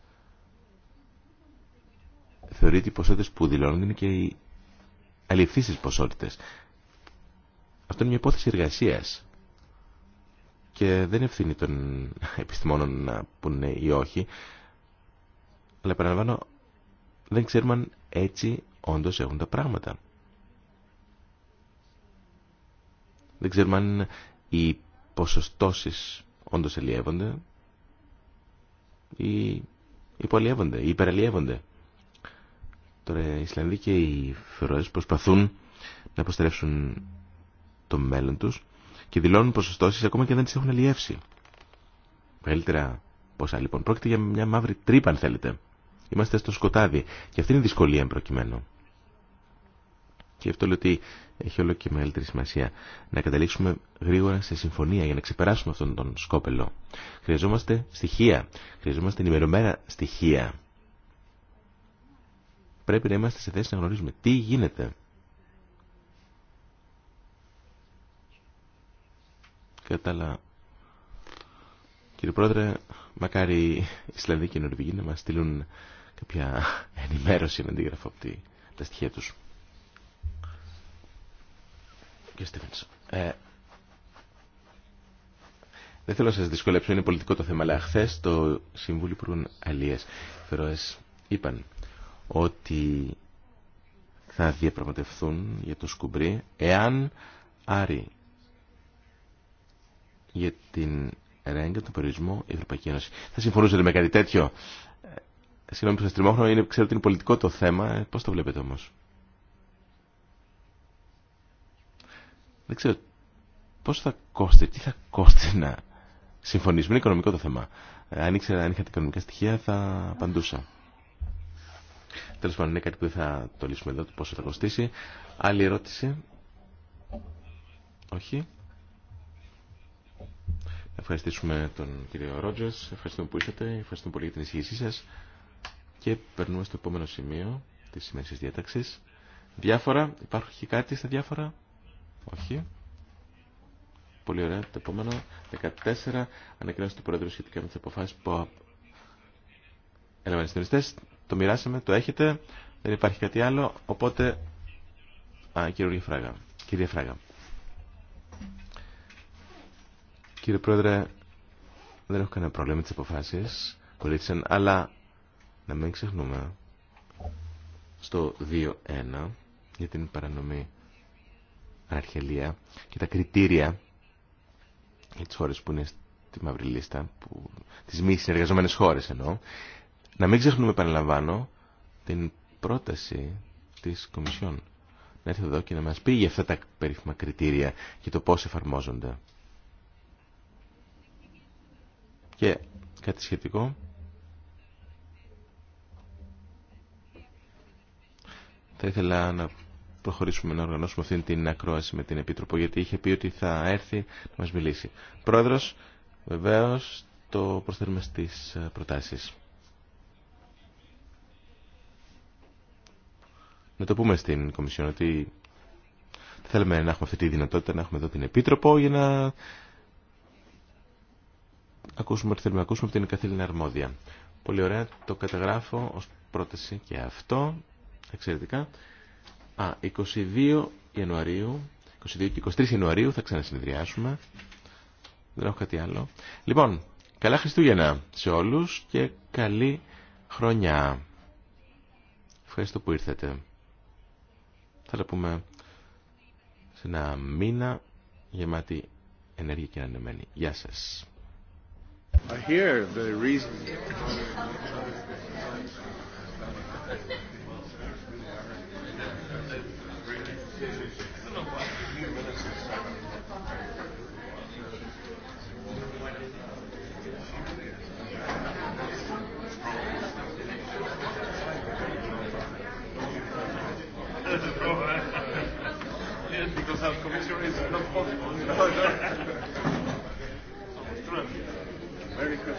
θεωρεί οι ποσότητες που δηλώνουν είναι και οι αλληλευθύσεις ποσότητες. Αυτό είναι μια υπόθεση εργασίας και δεν ευθύνει των επιστημόνων να πούνε ή όχι. Αλλά επαναλαμβάνω, δεν ξέρουμε αν έτσι όντως έχουν τα πράγματα. Δεν ξέρουμε αν οι ποσοστώσει όντω ελιεύονται ή υποαλλιεύονται ή υπεραλλιεύονται. Τώρα οι Ισλανδοί και οι Φερόε προσπαθούν να αποστρέψουν το μέλλον τους και δηλώνουν ποσοστώσει ακόμα και δεν τι έχουν αλλιεύσει. Καλύτερα πόσα λοιπόν. Πρόκειται για μια μαύρη τρύπα αν θέλετε. Είμαστε στο σκοτάδι και αυτή είναι η δυσκολία εν προκειμένου. Και αυτό λέω ότι έχει όλο και μεγαλύτερη σημασία να καταλήξουμε γρήγορα σε συμφωνία για να ξεπεράσουμε αυτόν τον σκόπελο. Χρειαζόμαστε στοιχεία. Χρειαζόμαστε ενημερωμένα στοιχεία. Πρέπει να είμαστε σε θέση να γνωρίζουμε τι γίνεται. Κατάλα. Κύριε Πρόεδρε, μακάρι οι Ισλανδοί και οι Νορβηγοί να μας στείλουν κάποια ενημέρωση, ένα αντίγραφο από τα στοιχεία τους. Ε, δεν θέλω να σας δυσκολέψω, είναι πολιτικό το θέμα, αλλά χθε το Συμβούλιο Υπουργών Αλίας Φερόες είπαν ότι θα διαπραγματευθούν για το σκουμπρί εάν άρει για την ρέγγα, τον περιορισμό η Ευρωπαϊκή Ένωση. Θα συμφωνούσατε με κάτι τέτοιο. Ε, συγγνώμη που σας τριμώχνω, είναι, ξέρω ότι είναι πολιτικό το θέμα. Πώς το βλέπετε όμως. Δεν ξέρω πώς θα κόστε, τι θα κόστη να συμφωνήσουμε. Είναι οικονομικό το θέμα. Αν ήξερα, αν είχα τα οικονομικά στοιχεία θα απαντούσα. Τέλος πάντων, είναι κάτι που δεν θα το λύσουμε εδώ, πόσο θα κοστίσει. Άλλη ερώτηση. Όχι. Ευχαριστήσουμε τον κύριο Ρότζερς. Ευχαριστούμε που ήρθατε. Ευχαριστούμε πολύ για την εισηγήσή σας. Και περνούμε στο επόμενο σημείο της σημερινής διάταξης. Διάφορα. Υπάρχει κάτι στα διάφορα. Όχι. Πολύ ωραία. Το επόμενο, 14, ανακοινώσει του Πρόεδρου σχετικά με τι αποφάσει που έλαβαν οι συντονιστέ. Το μοιράσαμε, το έχετε. Δεν υπάρχει κάτι άλλο. Οπότε, α, κύριε Φράγα. Κύριε Φράγα. Κύριε Πρόεδρε, δεν έχω κανένα πρόβλημα με τι αποφάσει που λήφθησαν, αλλά να μην ξεχνούμε στο 2-1 για την παρανομή αρχελία και τα κριτήρια για τις χώρες που είναι στη μαύρη λίστα, που, τις μη συνεργαζόμενες χώρες εννοώ, να μην ξεχνούμε, επαναλαμβάνω, την πρόταση της Κομισιόν. Να έρθει εδώ και να μας πει για αυτά τα περίφημα κριτήρια και το πώς εφαρμόζονται. Και κάτι σχετικό. Θα ήθελα να προχωρήσουμε να οργανώσουμε αυτή την ακρόαση με την Επίτροπο, γιατί είχε πει ότι θα έρθει να μας μιλήσει. Πρόεδρος, βεβαίως, το προσθέτουμε στις ε, προτάσεις. Να το πούμε στην Κομισιόν ότι θέλουμε να έχουμε αυτή τη δυνατότητα, να έχουμε εδώ την Επίτροπο για να ακούσουμε ότι θέλουμε να ακούσουμε από την καθήλυνα αρμόδια. Πολύ ωραία, το καταγράφω ως πρόταση και αυτό, εξαιρετικά. Α, 22 Ιανουαρίου, 22 και 23 Ιανουαρίου θα ξανασυνδριάσουμε. Δεν έχω κάτι άλλο. Λοιπόν, καλά Χριστούγεννα σε όλους και καλή χρονιά. Ευχαριστώ που ήρθατε. Θα τα πούμε σε ένα μήνα γεμάτη ενέργεια και ανανεμένη. Γεια σας. Commissioner is not possible. Very good.